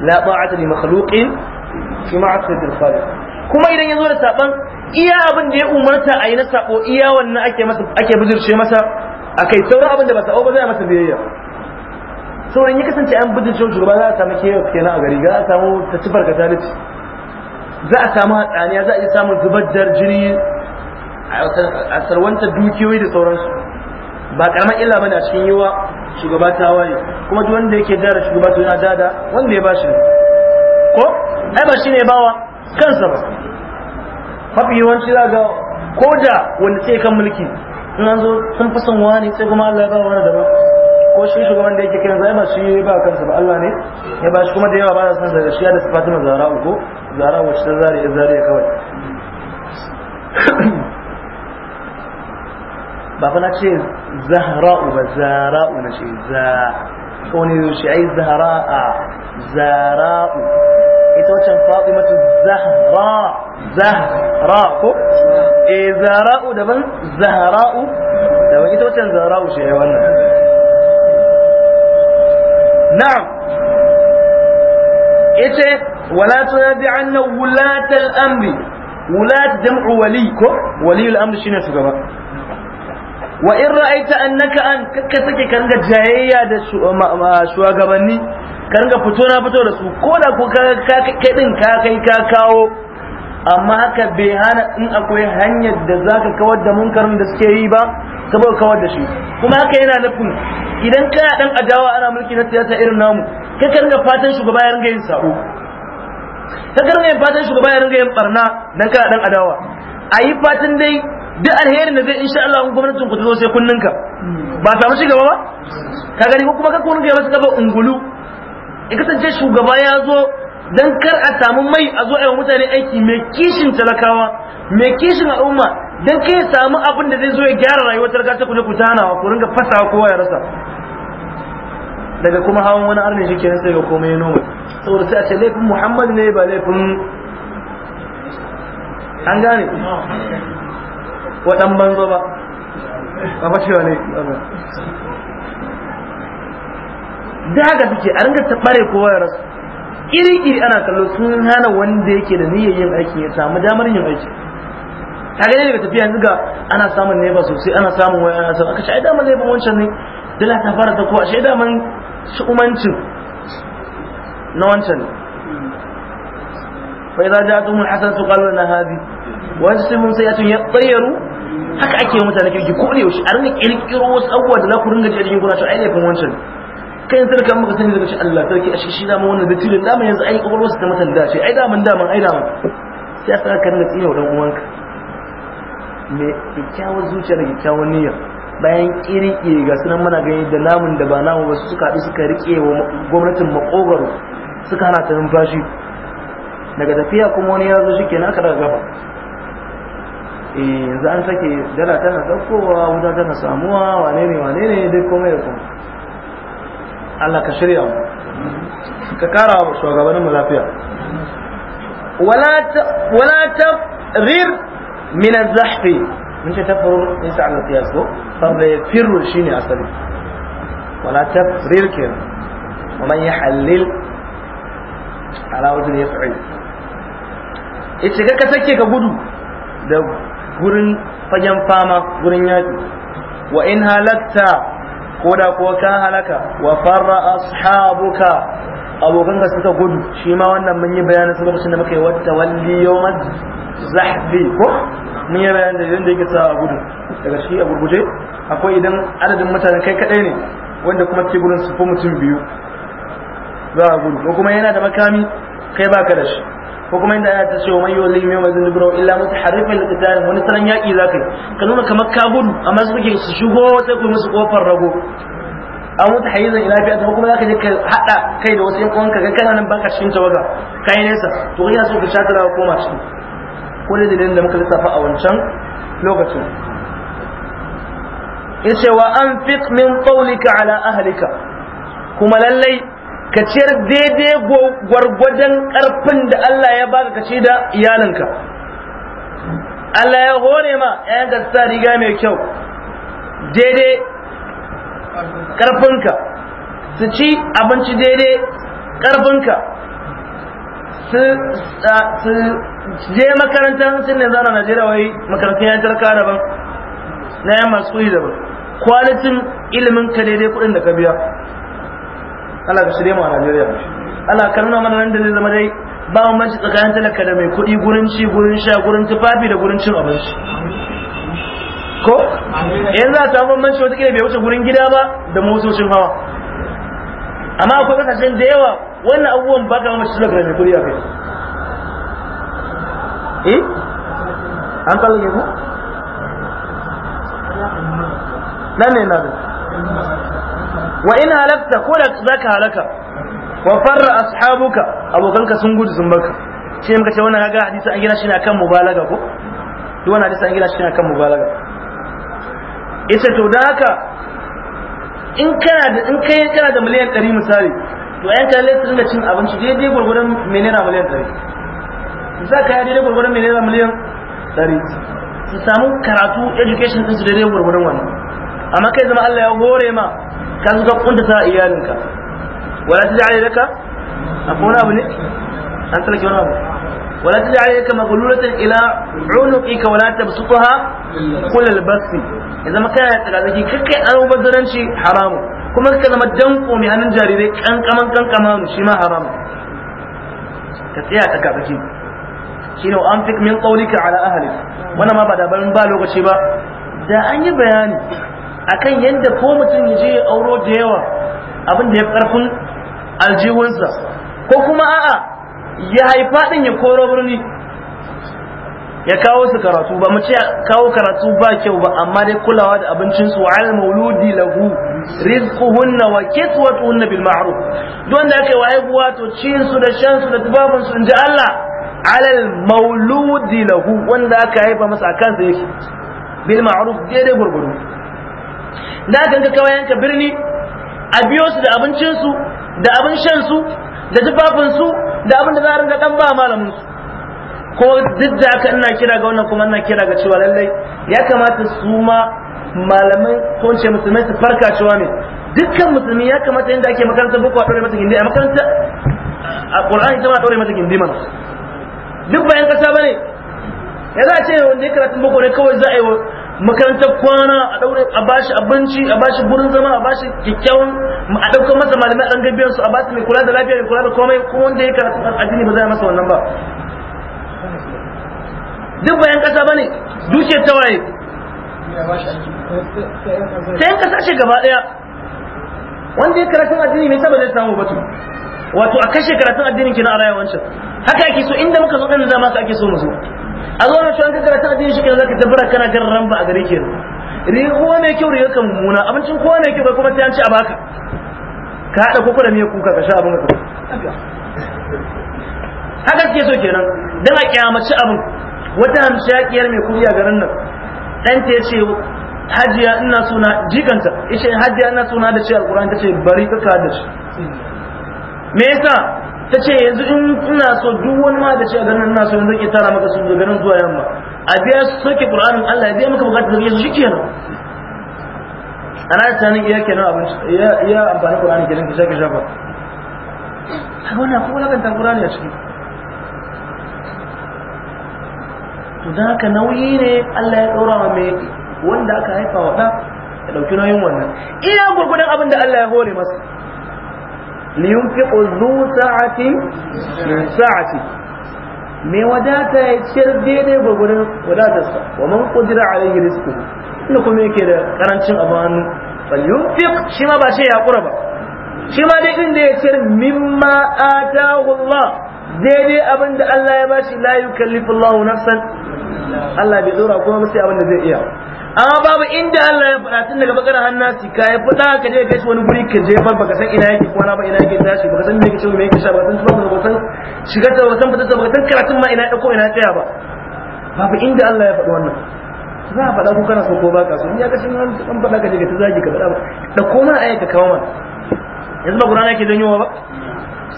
Speaker 2: la ta'ata li makhluqin fi ma'asiyatil khaliq kuma idan ya zo da saban iya abin da ya umarta a yi na sabo iya wannan ake masa ake bijirce masa akai sauran abin da ba sabo ba zai masa biyayya sauran ya kasance an bijirce shugaba za a samu kewa kenan a gari za a samu ta cifar kataliti za a samu hatsaniya za a iya samun zubar da jini a sarwanta dukiyoyi da sauransu ba karamar illa bane a cikin yiwa shugaba ta waye kuma duk wanda yake dara shugaba to yana dada wanda ya bashi ko ai ba shine bawa kansa ba mafi yawanci za ga ko da wanda sai kan mulki in an zo sun fi son wani sai kuma Allah ya ba wani daban ko shi shugaban da yake kiran zai ba shi ba kansa ba Allah ne ya ba shi kuma da yawa ba da san daga shi da Fatima Zahra uku Zahra wacce ta zare zare kawai ba na ce Zahra ba zahra'u na ce za ko ne shi ai zara uku ita wacan fatimatu zahra zahra ko eh zara'u daban zahra'u daban ita wacan zahra'u shi ya wannan na'am ita wala tunabi anna wulatar amri wulat jam'u wali ko wali al-amri shine shugaba wa in ra'aita annaka an kakka sake kanga jayayya da shugabanni ka ringa fito na fito da su ko da ko ka kai din ka kai ka kawo amma haka bai hana in akwai hanyar da za ka kawar da munkarin da suke yi ba ka bai kawar da shi kuma haka yana nufin idan kana dan adawa ana mulki na siyasa irin namu ka ka ringa fatan shugaba ya ringa yin sabo ka ka ringa yin fatan shugaba ya ringa yin barna dan kana dan adawa a yi fatan dai duk alherin da zai insha Allah gwamnatin ku ta zo sai kunninka ba samu shi gaba ba ka gani ko kuma ka kunu ga masa gaba ungulu in kasance shugaba ya zo dan kar a samu mai a zo a mutane aiki mai kishin talakawa mai kishin al'umma dan kai ya samu abin da zai zo ya gyara rayuwar talaka ta ku ta hanawa ku ringa fasawa kowa ya rasa daga kuma hawan wani arni shi kenan sai ga komai ya noma saboda sai a ce laifin muhammad ne ba laifin an gane waɗan banzo ba a ne da haka suke a ringa bare kowa ya rasu iri-iri ana kallo sun hana wanda yake da niyyar yin aiki ya samu damar yin aiki a gani daga tafiya yanzu ga ana samun neba sosai ana samun waya ana samun aka aida mai laifin wancan ne dala ta fara ta kowa shaida man shi'umancin na wancan ne fa idza ja'atuhum alhasanatu qalu lana hadhi wa tun ya yatayyaru haka ake mutane kirki ko ne yaushe a ringa kirkiro wasu abubuwa da za ku ringa ji a jikin kuna to ai laifin wancan ne kai sai kan maka sani daga shi Allah sarki a shi da mu wannan da tilin da mu yanzu ai kokoro su ta matan da ce ai da mun da mun ai da mun sai aka kan da tsiyo dan uwanka Mai kyakkyawar zuciya da kyakkyawar niyya bayan kirki ga sunan muna ganin da namun da ba namu ba su suka haɗu suka rike wa gwamnatin makogaro suka hana ta numfashi daga tafiya kuma wani ya zo shi kenan aka daga gaba eh, yanzu an sake dala tana ɗaukowa wuta tana samuwa wane ne wane ne duk komai da kuma Allah ka shirya mu ka kara wa shugabannin mu lafiya wala wala tafrir min az-zahfi mun ce tafrir insha Allah qiyas ko farra yafirru shine asali wala tafrir kenan ومن يحلل على وجه يفعل yace ka ka sake ka gudu da gurin fagen fama gurin yaki wa in halatta Koda ko ka halaka wa farra ashabuka ka suka gudu shi ma wannan mun yi bayanin su lokacin da muka yi wata walli yawmal zahbi ko mun yi bayanin da yanda yake sa a gudu daga shi a gurguje akwai idan adadin mutane kai kadai ne wanda kuma ke gurin su fi mutum biyu za a gudu ko kuma yana da makami kai baka da shi ko kuma inda ta cewa mai yau limi mai zan dubro illa musu harifin wani salon yaki za ka nuna kamar ka gudu amma su suke su shigo sai ku musu kofar rago an mutu hayyizan ina fiye ta kuma za je ka haɗa kai da wasu yan uwanka kai kana nan baka cikin tawaga ka yi nesa to ina so ka shatara ka koma ciki ko da dalilin da muka lissafa a wancan lokacin yace wa anfiq min qawlika ala ahlika kuma lallai ka ciyar daidai gwargwadon karfin da Allah ya baka ka ci da iyalinka Allah ya hore ma ‘yan ka sa riga mai kyau daidai karfinka su ci abinci daidai karfinka su je makarantar sun ne zana Najeriya wai makarantar yan tarka daban na yan masu kuɗi daban kwalitin ilimin ka daidai kuɗin da ka biya Allah ka shirye mu a Najeriya Allah ka nuna mana nan da zai zama dai ba bambanci tsakanin talaka da mai kuɗi gurin ci gurin sha gurin tufafi da gurin cin abinci ko yanzu eh, a samu bambanci wata kila bai wuce gurin gida ba da motocin hawa amma akwai kasashen da yawa wannan abubuwan ba ka mamaci talaka da mai kuɗi a kai eh an tsallake ku nan ne na wa in halakta ko da za ka halaka wa farra ashabuka abokanka sun gudu sun baka shi ne muka ce wannan kaga hadisi an gina shi ne akan mubalaga ko duk wannan hadisi an gina shi ne akan mubalaga ita to da haka in kana da in kai kana da miliyan 100 misali to ayan ka lalle dinga cin abinci daidai gurgurdan menera miliyan 100 za ka yi daidai gurgurdan menera miliyan 100 su samu karatu education din su daidai gurgurdan wannan amma kai zama Allah ya gore ma ka su ka kunta sa iyalinka wala ta ja'ala laka akwai wani abu ne an tsallake wani abu wala ta ja'ala laka maghlulatan ila ka wala tabsutha kull al-bath idan ma kana tsagazaki an almubazzaranci haramu kuma ka zama danko mai hannun jarirai kankaman kankaman shi ma haramu ka tsaya ta kafaki shine an fi min qawlika ala ahli wannan ma ba da ba lokaci ba da an yi bayani akan yadda ko mutum ya je ya auro da yawa abin da ya karfin aljihunsa ko kuma a'a ya haifa din ya koro birni ya kawo su karatu ba mu ce kawo karatu ba kyau ba amma dai kulawa da abincin su al mauludi lahu rizquhunna wa kiswatuhunna bil ma'ruf don da aka waye buwa to cin su da shan su da tubabun su inji Allah alal mauludi lahu wanda aka haifa masa kansa yake bil ma'ruf daidai gurgudu da aka ga yanka birni a biyo su da abincinsu da abin shansu da tufafinsu da abin da za a ringa dan ba malamin su ko duk da haka ina kira ga wannan kuma ina kira ga cewa lallai ya kamata su ma malamai ko ce musulmai su farka cewa ne dukkan musulmi ya kamata inda ake makarantar boko a dore mata gindi a makaranta a qur'ani ta ma dore mata gindi mana duk bayan kasa bane ya za a ce wanda ya karatun boko ne kawai za a yi makarantar kwana a daure a bashi abinci a bashi gurin zama a bashi kyakkyawan a daukar masa malamai an gabiyar su a bashi mai kula da lafiya mai kula da komai ko wanda ya karatu addini ba za masa wannan ba duk bayan kasa bane dukiyar tawaye
Speaker 1: ta yan kasa ce gaba
Speaker 2: daya wanda ya karatun addini mai saboda zai samu batu wato a kashe karatun addinin kina a rayuwancin haka yake so inda muka zo ɗan da za masu ake so mu zo a zo na shi ka ta addini shi kan zaka tabbara kana ganin ramba a gare kenan riga kowa mai kyau riga kan mummuna abincin kowa mai kyau kuma sai an ci a baka ka haɗa koko da miya kuka ka sha abin ka haka suke so kenan dan a kyamaci abin wata hamshakiyar mai kuriya a garin nan dan ta ce hajiya ina suna jikanta ishe hajiya ina suna da ce alkur'ani ta ce bari ka ka da shi me yasa ta ce yanzu in ina so duk wani ma da ce a ganin ina so yanzu ke tara maka su da ganin zuwa yamma a biya su soke qur'anin Allah ya biya maka bukatar da yanzu shikenan ana da tanin iya kenan abinci iya iya amfani qur'ani kenan ka sake shafa kai wannan ko lakan ta qur'ani a ciki to da haka nauyi ne Allah ya ɗora wa mai wanda aka haifa wa ɗa ya ɗauki nauyin wannan Ina gurgudan abin da Allah ya hore masa liyunfiqu zu sa'ati min sa'ati me wadata ya ciyar daidai ba gurin wadatarsa wa man a yi rizquhu inda kuma yake da karancin abu hannu falyunfiq shi ma ba shi ya kura ba shi ma dai inda ya ciyar mimma atahu Allah daidai abin da Allah ya bashi la yukallifu Allah nafsan Allah bai dora kuma sai abin da zai iya amma babu inda Allah ya faɗa tun daga bakar su ka ya fuda ka je kai wani guri ka je bar baka san ina yake na ba ina yake tashi baka san me yake cewa me yake sha baka san tuba baka san shiga ta baka san fita ta baka san karatun ma ina dauko ina tsaya ba babu inda Allah ya faɗi wannan za a faɗa ko kana so ko baka so in ya kace nan an faɗa ka je ka ta zagi ka faɗa ba da koma ayi ka kawo mana yanzu ba Qur'ani yake janyo ba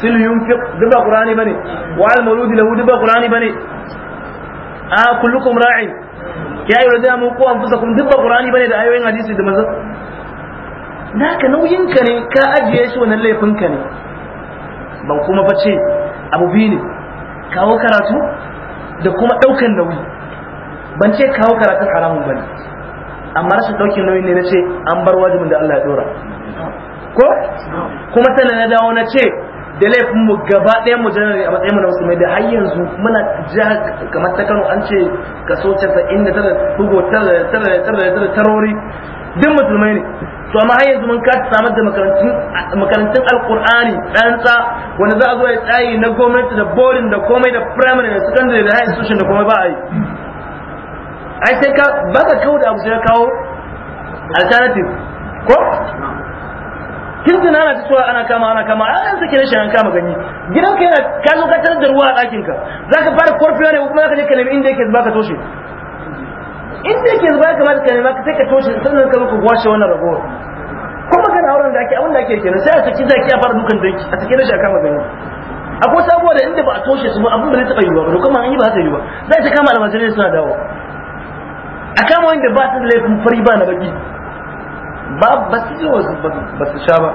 Speaker 2: sil yunfiq duk ba Qur'ani bane wal al mawludi lahu duk ba Qur'ani bane a kullukum ra'in ya yi wajen mu kowa fusa kuma duk ba qur'ani bane da ayoyin hadisi da manzo naka nauyin ka ne ka ajiye shi wannan laifin ka ne ban kuma bace ce abu biyu ne kawo karatu da kuma daukan nauyi ban ce kawo karatun haramun bane amma rashin daukin nauyi ne na ce an bar wajibin da Allah ya dora ko kuma sannan na dawo na ce da laifin mu gaba ɗaya mu janar a matsayin mu na musulmai da har yanzu muna jiha kamar ta Kano an ce kaso ta da 9 tarori duk musulmai ne to amma har yanzu mun kasa samar da makarantun alkur'ani ɗansa wanda za a zo ya tsayi na gwamnati da boarding da komai da primary da secondary da high institution da komai ba a yi ai sai ka ba ka kawo da abu sai ka kawo alternative ko tun tun ana cewa ana kama ana kama an sake rashin an kama gani gidanka yana ka zo ka tarar da ruwa a ɗakin ka zaka fara korfiya ne kuma zaka je ka nemi inda yake zuba ka toshe inda yake zuba ya kamata ka nema ka sai ka toshe sannan ka maka washe wannan ragowar kuma kana auren da ake abin da ake kenan sai a saki zaki a fara dukan danki a saki rashin a kama gani akwai sabuwa da inda ba a toshe su ba abin da zai taɓa yiwuwa ba to kuma an yi ba zai yiwuwa za ta kama almajirai suna dawo a kama wanda ba su da laifin fari ba na baki ba ba su ba su sha ba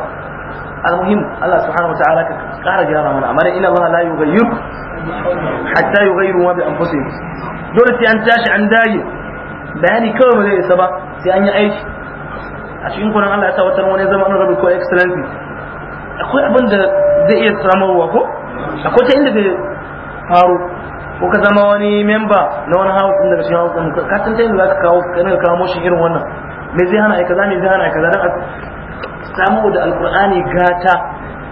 Speaker 2: almuhim Allah subhanahu wataala ka kara gyara mana amma ina Allah la yughayyiru hatta yughayyiru ma bi anfusihim dole sai an tashi an dage bayani kawai ba zai isa ba sai an yi aiki a cikin kunan Allah ya sa wata wani zama honorable ko excellency akwai abin da zai iya ko akwai ta faru ko ka zama wani memba na wani house daga cikin house ka san ta inda za ka kawo ka kawo moshin irin wannan me zai hana aikaza me zai hana kaza dan samu da alqur'ani gata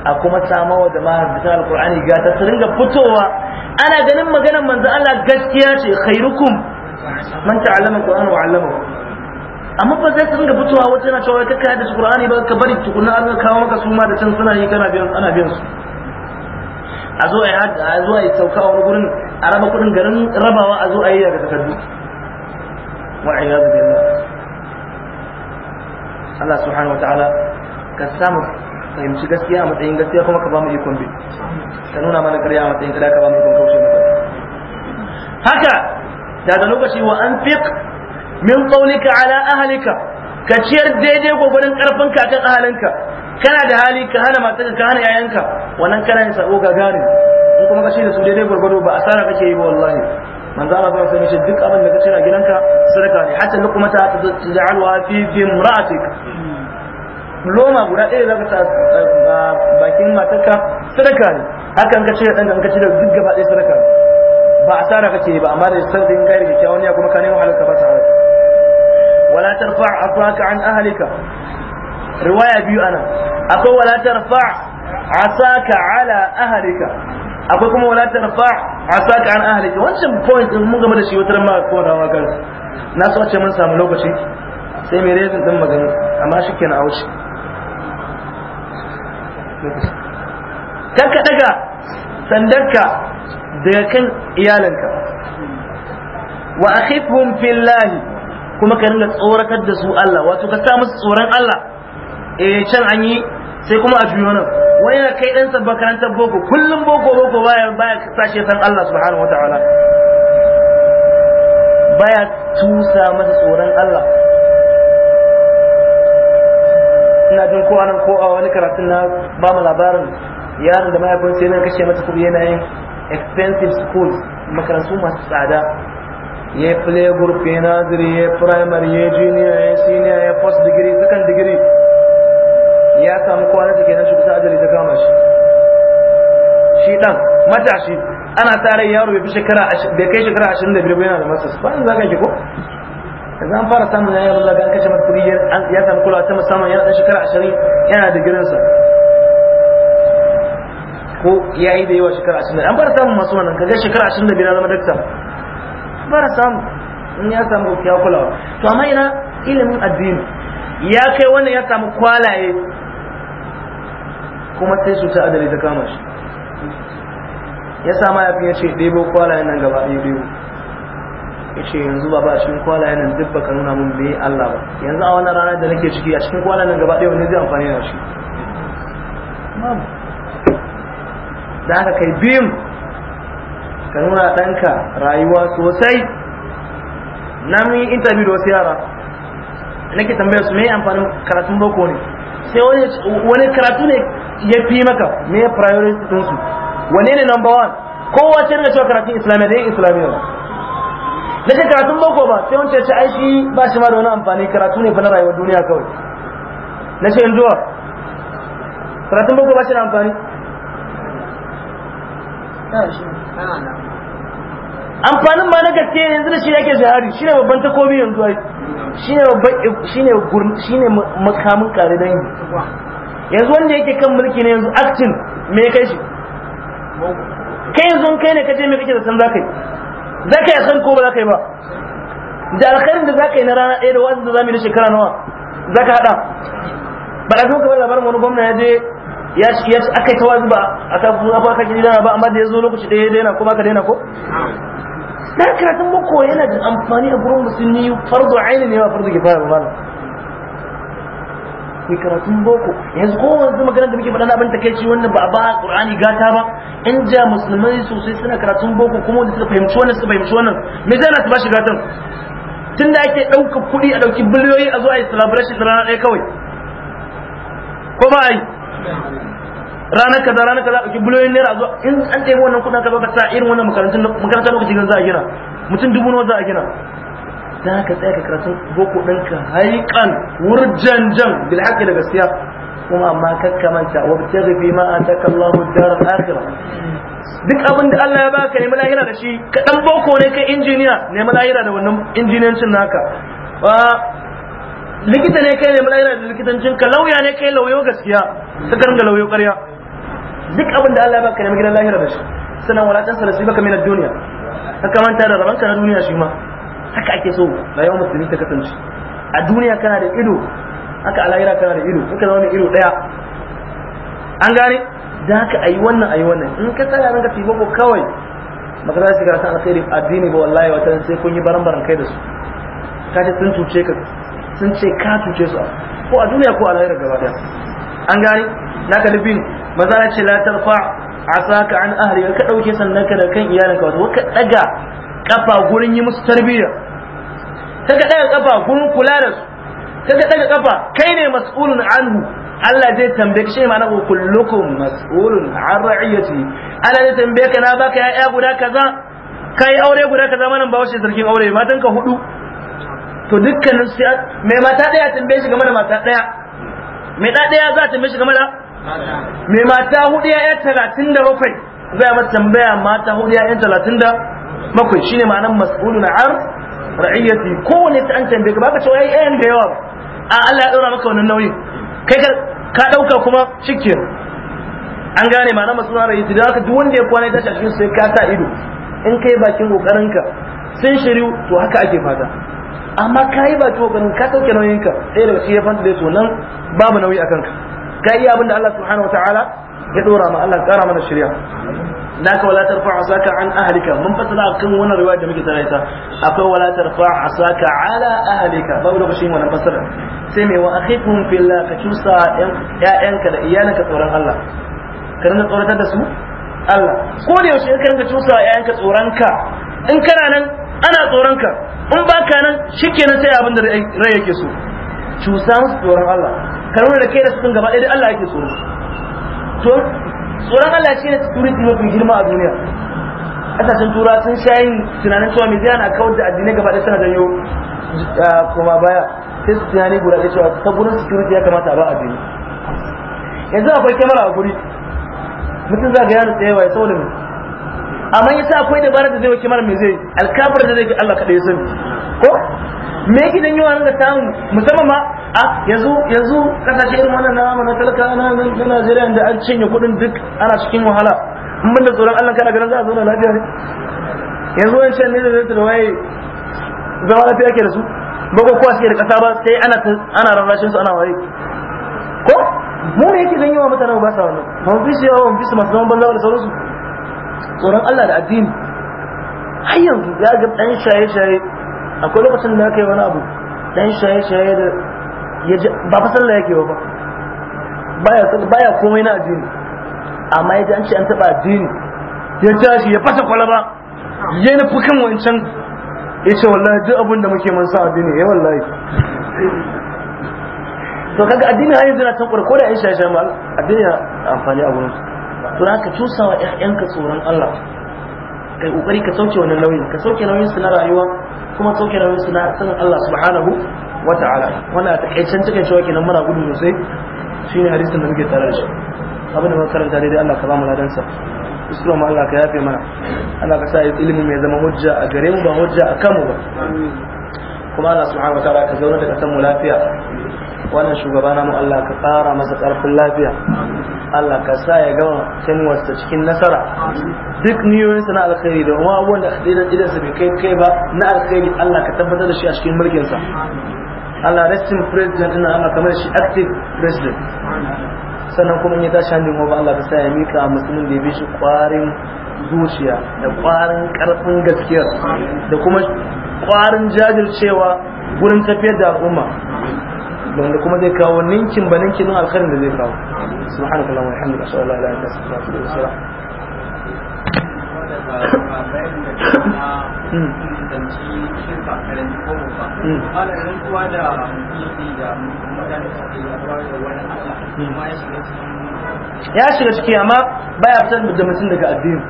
Speaker 2: a kuma samu da mahaddata alqur'ani gata su ringa fitowa ana ganin maganar manzo Allah gaskiya ce khairukum man ta'allama alqur'ana wa 'allamahu amma ba zai ringa fitowa wata na cewa kai da alqur'ani ba ka bari tukunna an kawo maka su ma da can suna yi kana biyan ana biyan su a zo a a zo a yi sauka wani gurin a raba kudin garin rabawa a zo a yi daga takardu wa'iyadu billah Allah subhanahu wataala ka samu fahimci gaskiya a matsayin gaskiya kuma ka ba mu ikon bi ka nuna mana karya a matsayin ƙarya ka ba mu ikon kaushe mata haka daga lokaci wa an fiq min qawlika ala ahlika ka ciyar daidai gobanin karfin kakan ahalinka kana da hali ka hana matarka ka hana yayanka wannan kana yin sabo gagarin in kuma ka da su daidai gwargwado ba asara kake yi ba wallahi manzo Allah sallallahu alaihi shi duk abin da ka cira gidanka sadaka ne hatta ta taj'alha fi fi imra'atik loma guda ɗaya zaka ta bakin matarka sadaka ne hakan ka cire danka ka cire duk gaba ɗaya sadaka ne ba asara kake ba amma da sarri in kai da kyakkyawan ya kuma ka halaka ba ta halaka wala tarfa asaka an ahlika riwaya biyu ana akwai wala tarfa asaka ala ahlika akwai kuma wala tarfa asaka an ahli wancan point din mun game da shi wata ma ko da wakan na so ce mun samu lokaci sai mai reason din magana amma shikenan a wuce kanka ka daga sandarka daga kan iyalanka wa akhifhum fillahi kuma ka ringa tsorakar da su Allah wato ka sa musu tsoron Allah eh can an yi sai kuma a juyo nan wani na kai ɗansa makarantar boko kullum boko boko baya baya sashe san Allah subhanahu wataala baya tusa masa tsoron Allah ina jin ko anan ko a wani karatun na ba mu labarin yaron da mahaifin sai nan kashe mata kuɗi yana yin expensive schools makarantu masu tsada ya play group ya nazari ya primary ya junior ya senior ya first degree second degree ya samu kwana take nan shi kusa ajali ta kama shi shi dan matashi ana tare yaro bai fi shekara bai kai shekara 25 ba yana da masters ba za ka ki ko yanzu an fara samun yaya Allah ga an kashe masa kuɗi ya samu kulawa ta musamman yana dan shekara 20 yana da gidansa ko yayi da yawa shekara 20 an fara samun masu wannan kaga shekara 25 na zama dakta fara samu in ya samu ya kulawa to amma ina ilimin addini ya kai wannan ya samu kwalaye kuma sai su ta adali ta kama shi ya sa mahaifin ya ce ɗebo kwalayen nan gaba ɗaya ɗebo ya ce yanzu ba ba a cikin kwalayen nan duk baka nuna mun bai Allah ba yanzu a wannan ranar da nake ciki a cikin kwalayen nan gaba ɗaya wani zai amfani da shi da aka kai bim ka nuna ɗanka rayuwa sosai na mun yi intabi da wasu yara nake tambayar su me amfanin karatun boko ne sai wani karatu ne ya fi maka me ya priority din su wane ne number one kowa sai ne cewa karatun islamiyya da yin islamiyya da na ce karatun boko ba sai wancan ce ai shi ba shi ma da wani amfani karatu ne fa na rayuwar duniya kawai na ce yanzu karatun boko ba shi da amfani amfanin ba na gaske yanzu da shi yake jihari shine babban takobi yanzu ai shine babban shine shine makamin kare dangi yanzu wanda yake kan mulki ne yanzu actin me kai shi kai yanzu kai ne kaje me kake da san zakai zakai a san ko ba zakai ba da alkhairin da zakai na rana ɗaya da wasu da zamu yi shekara nawa zaka hada ba da kuma kamar labarin wani gwamna ya je ya shi ya aka ta tawazu ba aka kuma aka kaji dana ba amma da yazo lokaci da ya daina ko ba ka daina ko dan karatun boko yana da amfani a gurin musulmi fardu aini ne ba fardu kifaya ba malam akwai karatun boko yanzu ko wanzu magana da muke faɗa na abin takeici wannan ba a ba qur'ani gata ba in ja musulmai sosai suna karatun boko kuma wanda suka fahimci wannan suka fahimci wannan me zai na su bashi gatan tun da ake ɗaukar kuɗi a ɗauki biliyoyi a zo a yi celebration da rana ɗaya kawai ko ba a yi ranar kaza ranar kaza ɗauki biliyoyin naira a zo in an ɗaya wannan kuɗin ka zo ka sa irin wannan makarantar lokacin za a gina mutum dubu nawa za a gina za ka tsaya ka karatun boko ɗinka haikan wurjanjan bil haƙi da gaskiya kuma amma kakkamanta wa bitaghi fi ma ataka Allahu ad-dar al-akhirah duk abin da Allah ya baka nemi lahira da shi ka dan boko ne kai injiniya nemi lahira da wannan injiniyancin naka likita ne kai nemi lahira da likitancin ka lauya ne kai lauyo gaskiya suka da lauyo ƙarya duk abin da Allah ya baka nemi gidan lahira da shi sanan wala da shi baka min ad-dunya ka kamanta da rabanka na duniya shi ma haka ake so rayuwar musulmi ta kasance a duniya kana da ido haka a lahira kana da ido in ka zama ido daya an gane da haka ayi wannan ayi wannan in ka tsaya nan ka ko kawai maka za su san alkhairi addini ba wallahi wata sai kun yi baran kai da su ka ce sun cuce ka sun ce ka cuce su ko a duniya ko a lahira gaba daya an gane ka nufin maza na ce fa a asaka an ahari ka dauke sannan ka da kan iyalanka "Wa ka daga kafa gurin yi musu tarbiyya kaga daga kafa gurin kula da su kaga daga kafa kai ne mas'ulun anhu Allah zai tambaye ka shi ma na kullukum mas'ulun an ra'iyati Allah zai tambaye ka na baka ya'ya guda kaza kai aure guda kaza manan ba wace sarkin aure matan ka hudu to dukkanin su mai mata daya tambaye shi game da mata daya mai da daya za ta tambaye shi game da mai mata hudu ya'ya 37 zai mata tambaya mata hudu ya'ya 37 shine ma'anar mas'ulun an ra'iyati kowane ta an tambaye ka baka cewa yayi ayan da yawa a Allah ya daura maka wannan nauyi, kai ka ka dauka kuma shikin an gane ma na masuna ra'iyati da haka duk wanda ya kwana ta cikin sai ka sa ido in kai bakin ka sun shiru to haka ake fata amma kai bakin kokarin ka sauke ka, sai da shi ya fanta da to nan babu nauyi akan ka ta iya abin da Allah subhanahu wa ta'ala ya dora ma Allah kara mana shirya naka wala tarfa asaka an ahlika mun fasala kan wannan riwaya da muke tare ta akwai wala tarfa asaka ala ahlika babu da shi wannan fasara sai mai wa akhikum fillah ka cusa ƴaƴanka da iyalanka tsoron Allah ka rinka tsoratar da su Allah ko da yaushe ka rinka cusa ƴaƴanka tsoron ka in kana nan ana tsoronka. ka in baka nan shikenan sai abin da rai yake so cusa musu tsoron Allah ka da kai da su sun gaba ɗaya da Allah yake tsoro to tsoron Allah shi ne security mafi girma a duniya kasashen tura sun sha yin tunanin cewa mai ziyana kawar da addinai gaba ɗaya suna janyo koma baya sai su tunani guda ɗaya cewa ta gurin security ya kamata a ba addini yanzu akwai kyamara a guri mutum za ga yana tsayawa waye saboda mai amma yasa akwai dabarar da zai wuce mara me zai alkafir da zai ga Allah kadai sani ko me yake dan yawa ga samu musamman ma a yanzu yanzu kasashe irin wannan na mana talaka na Najeriya da an cinye kuɗin duk ana cikin wahala Mun ban da tsoron Allah kana ganin za a zauna lafiya ne yanzu wani shan ne da zai waye zama lafiya ke da su bako kowa suke da kasa ba sai ana ana rarrashin su ana waye ko mu ne yake dan yawa mutane ba sa wannan ba mu fi su yawa mu fi su masu zaman banza da sauransu tsoron Allah da addini har yanzu ya ga dan shaye-shaye akwai lokacin da aka yi wani abu dan shaye-shaye da ya ji ba fa sallah yake ba baya komai na addini amma ya ji an ce an taba addini ya tashi ya fasa kwalaba ya na fukin wancan ya ce wallahi duk abin da muke mansa addini ya eh wallahi to kaga addini har yanzu na can ko da in shaye-shaye ma addini amfani a gurin to za ka cusa wa ‘ya'yanka tsoron Allah kai ƙoƙari ka sauke wannan nauyin ka sauke nauyin su na rayuwa kuma sauke nauyin su na sanin Allah subhanahu hu ta'ala wannan a takaicen cikin cewa kenan muna gudu sosai shine hadisin da muke tare da shi abin da muka karanta daidai Allah ka ba mu ladan sa isra ma Allah ka yafe mana Allah ka sa ilimi mai zama hujja a gare mu ba hujja a kanmu ba kuma Allah subhanahu wa ta'ala ka zauna da kasan mu lafiya wannan shugaba namu Allah ka ƙara masa ƙarfin lafiya Allah ka sa ya gama kenwarsa cikin nasara duk niyoyinsa na alkhairi da kuma abubuwan da idansa bai kai kai ba na alkhairi Allah ka tabbatar da shi a cikin mulkinsa Allah resting president ina Allah kamar shi active president sannan kuma in ya tashi hannun ba Allah ka sa ya mika musulmin da ya bi shi kwarin zuciya da kwarin karfin gaskiyar. da kuma kwarin jajircewa gurin tafiyar da al'umma wanda kuma zai kawo ninkin ba ninkin nan alkarin da zai kawo subhanakallah wa bihamdika ashhadu la ilaha illa wa atubu
Speaker 1: hmm. ya
Speaker 2: shiga ciki amma baya fitar da mutum daga addini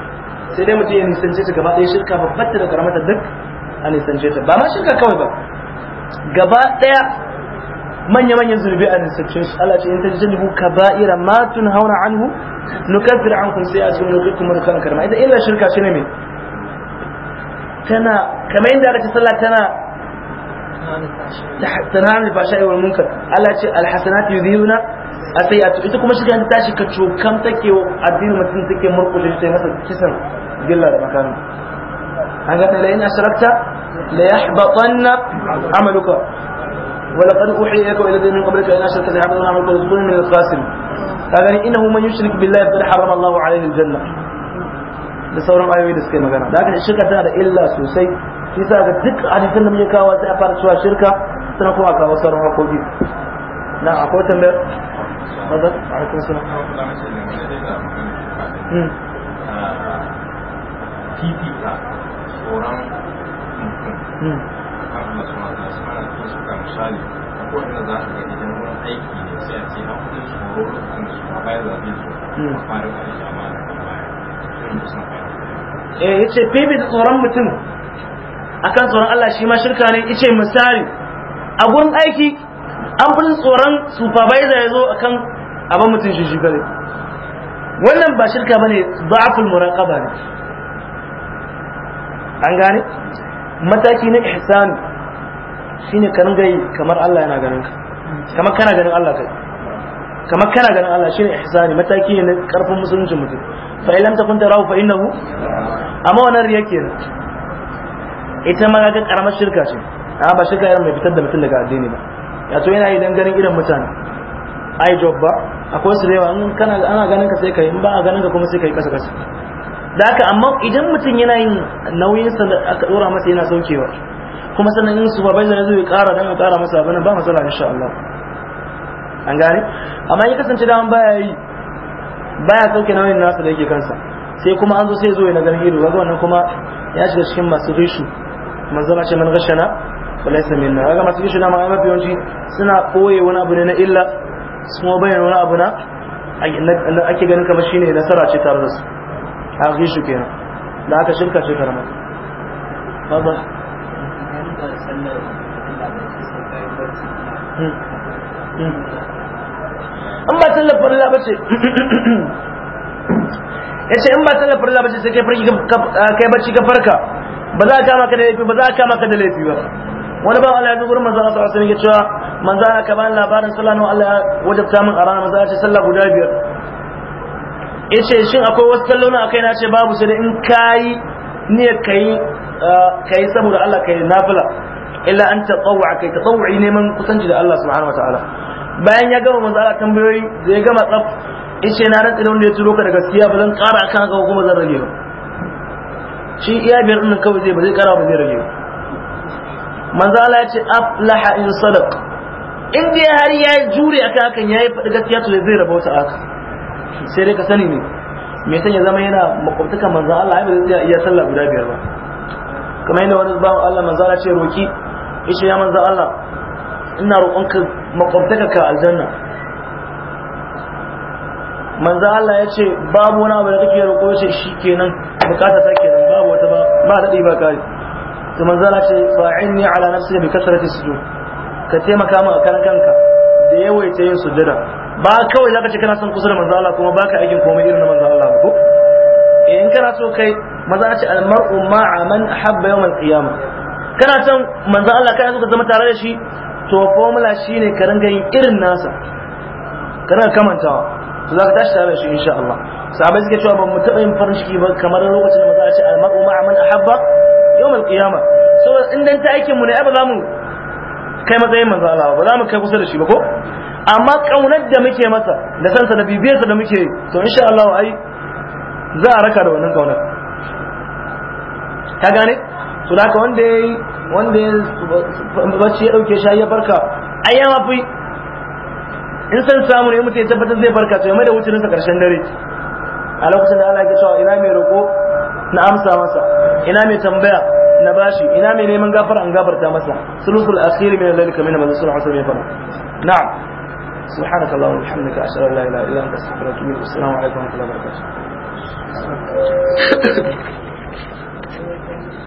Speaker 2: sai dai mutum ya nisance ta gaba ɗaya shirka babbar da karamata duk a nisance ta ba ma shirka kawai ba gaba ɗaya manya-manyan zunubi a nisabcin su ala ce in ta jinibu ka ba'ira ma tun hauna anhu nukaffir an kun sai a cikin nukaffir kuma nukaffir karma ita illa shirka shi ne mai tana kamar yadda aka ce sallah tana tana hannun fasha iwar munkar Allah ce alhassanatu yuzhibuna asayatu ita kuma shiga ta tashi ka cokam take addinin mutum take murkushe shi masa kisan gilla da makamin an ga ta la in asharakta la yahbatanna amaluka ولقد أوحي إليك وإلى الذين من قبلك إن أشركت ليعملون عملك وتكون من الخاسرين a innahu man yushrik billahi faqad harrama Allahu alaihi aljanna da sauran ayoyi da suke magana da haka shirka tana da illa sosai shi yasa ga duk hadisin da muke kawo sai a fara cewa shirka sannan kuma kawo sauran hakoki na akwai tambayar
Speaker 1: mazan alaikum salam hmm. tsoron mutum hmm. misali ko inda za a gani idan wani aiki ne sai a ce an kudin tsoro lokacin da shugaba ya zaɓe su hmm. a fara kwari a amma da kan baya sun yi san fara
Speaker 2: eh yace bebe da tsoron mutum akan tsoron Allah shi ma shirka ne yace misali a gurin aiki an fi tsoron supervisor ya zo a kan abin mutum shi shigare wannan ba shirka ba bane da'aful muraqaba ne an gane mataki na ihsani shine ka ringa yi kamar Allah yana ganin ka kamar kana ganin Allah kai kamar kana ganin Allah shine ihsani mataki ne na karfin musulunci mutum fa ilam takun tarahu fa innahu amma wannan riya kenan ita ma ga karamar shirka ce a ba shirka irin mai fitar da mutum daga addini ba ya to yana yi dan ganin irin mutane ai job ba akwai su rewa in kana ana ganin ka sai kai in ba a ganin ka kuma sai kai kasa kasa da haka amma idan mutum yana yin nauyin sa da aka dora masa yana saukewa kuma sannan in su babai zai zai kara dan ya kara masa abin ba matsala insha Allah an gane amma yi kasance da an baya yi baya sauke nauyin nasa da yake kansa sai kuma an zo sai zo yana ganin ido ga wannan kuma ya shiga cikin masu rishu manzala ce man gashana walaysa minna ga masu rishu na ma mafi yawanci suna koye wani abu ne na illa su kuma bayyana wani abu na ake ganin kamar shine nasara ce tare da su a rishu kenan da aka shirka ce karama baba
Speaker 1: in
Speaker 2: ba sallar farilla ba ce ya ce in ba sallar farilla ba ce sai kai barci ka farka ba za a kama ka da laifi ba za a kama ka da laifi ba wani ba Allah ya zuwa manzo Allah sallallahu alaihi wasallam ya ce manzo Allah ka bani labarin sallallahu alaihi Allah ya wajabta min arana manzo Allah ce sallah guda biyar ya ce shin akwai wasu sallona akai na ce babu sai da in kai niyyar kai eh, kai saboda Allah kai nafila illa an tatawwa kai tatawwi neman kusanci da Allah subhanahu ta'ala bayan ya gama manzo Allah tambayoyi da ya gama tsaf ishe na rantsi da wanda ya turo ka da gaskiya ba zan kara akan haka kuma zan rage ba shi iya biyar din kawai zai ba zai kara ba zai rage ba manzo Allah ya ce aflaha in sadaq in dai har ya jure akan hakan yayi faɗi gaskiya to zai ta haka sai dai ka sani ne me san ya zama yana makwabtaka manzo Allah ai ba zai iya sallah guda biyar ba kamar yadda wani bawan Allah manzo Allah ce roki yace ya manzan Allah ina roƙonka makwabtaka ka aljanna manzan Allah ce babu wani abu da kake roƙo shi kenan bukata ta kenan babu wata ba ba daɗi ba kai to manzan Allah ce fa'inni ala nafsi bi ke sujud ka taimaka mu kan kanka da yawaita yin jira ba kawai zaka ce kana son kusa da manzan Allah kuma baka aikin komai irin na manzan Allah ba ko eh, in kana so kai maza ce al mar'u ma'a man ahabba yawm qiyamah kana can manzan Allah kai so ka zama tare da shi to formula shine ka ringa yin irin nasa ka ringa kamantawa to zaka tashi tare da shi insha Allah sahabbai suke cewa ban mu yin farin ciki ba kamar lokacin da manzon Allah ya ce al-mar'u ma'a man ahabba yau mai kiyama saboda in dan ta aikin mu ne ai ba za mu kai matsayin manzan Allah ba za mu kai kusa da shi ba ko amma kaunar da muke masa da sansa da bibiyarsa da muke to insha Allah ai za a raka da wannan kaunar ka gane su da ka wanda ya yi wanda ya bacci ya ɗauke shayi ya farka a yi mafi in san samu ne mutu ya tabbatar zai farka to ya mai da nasa karshen dare a lokacin da ala ke cewa ina mai roƙo na amsa masa ina mai tambaya na bashi ina mai neman gafara an gafarta masa sulusul akhir min al-layl kamar manzo sallallahu alaihi wasallam ya faɗa na'am سبحانك اللهم وبحمدك
Speaker 1: اشهد ان لا اله الا انت استغفرك واتوب اليك والسلام عليكم ورحمه الله وبركاته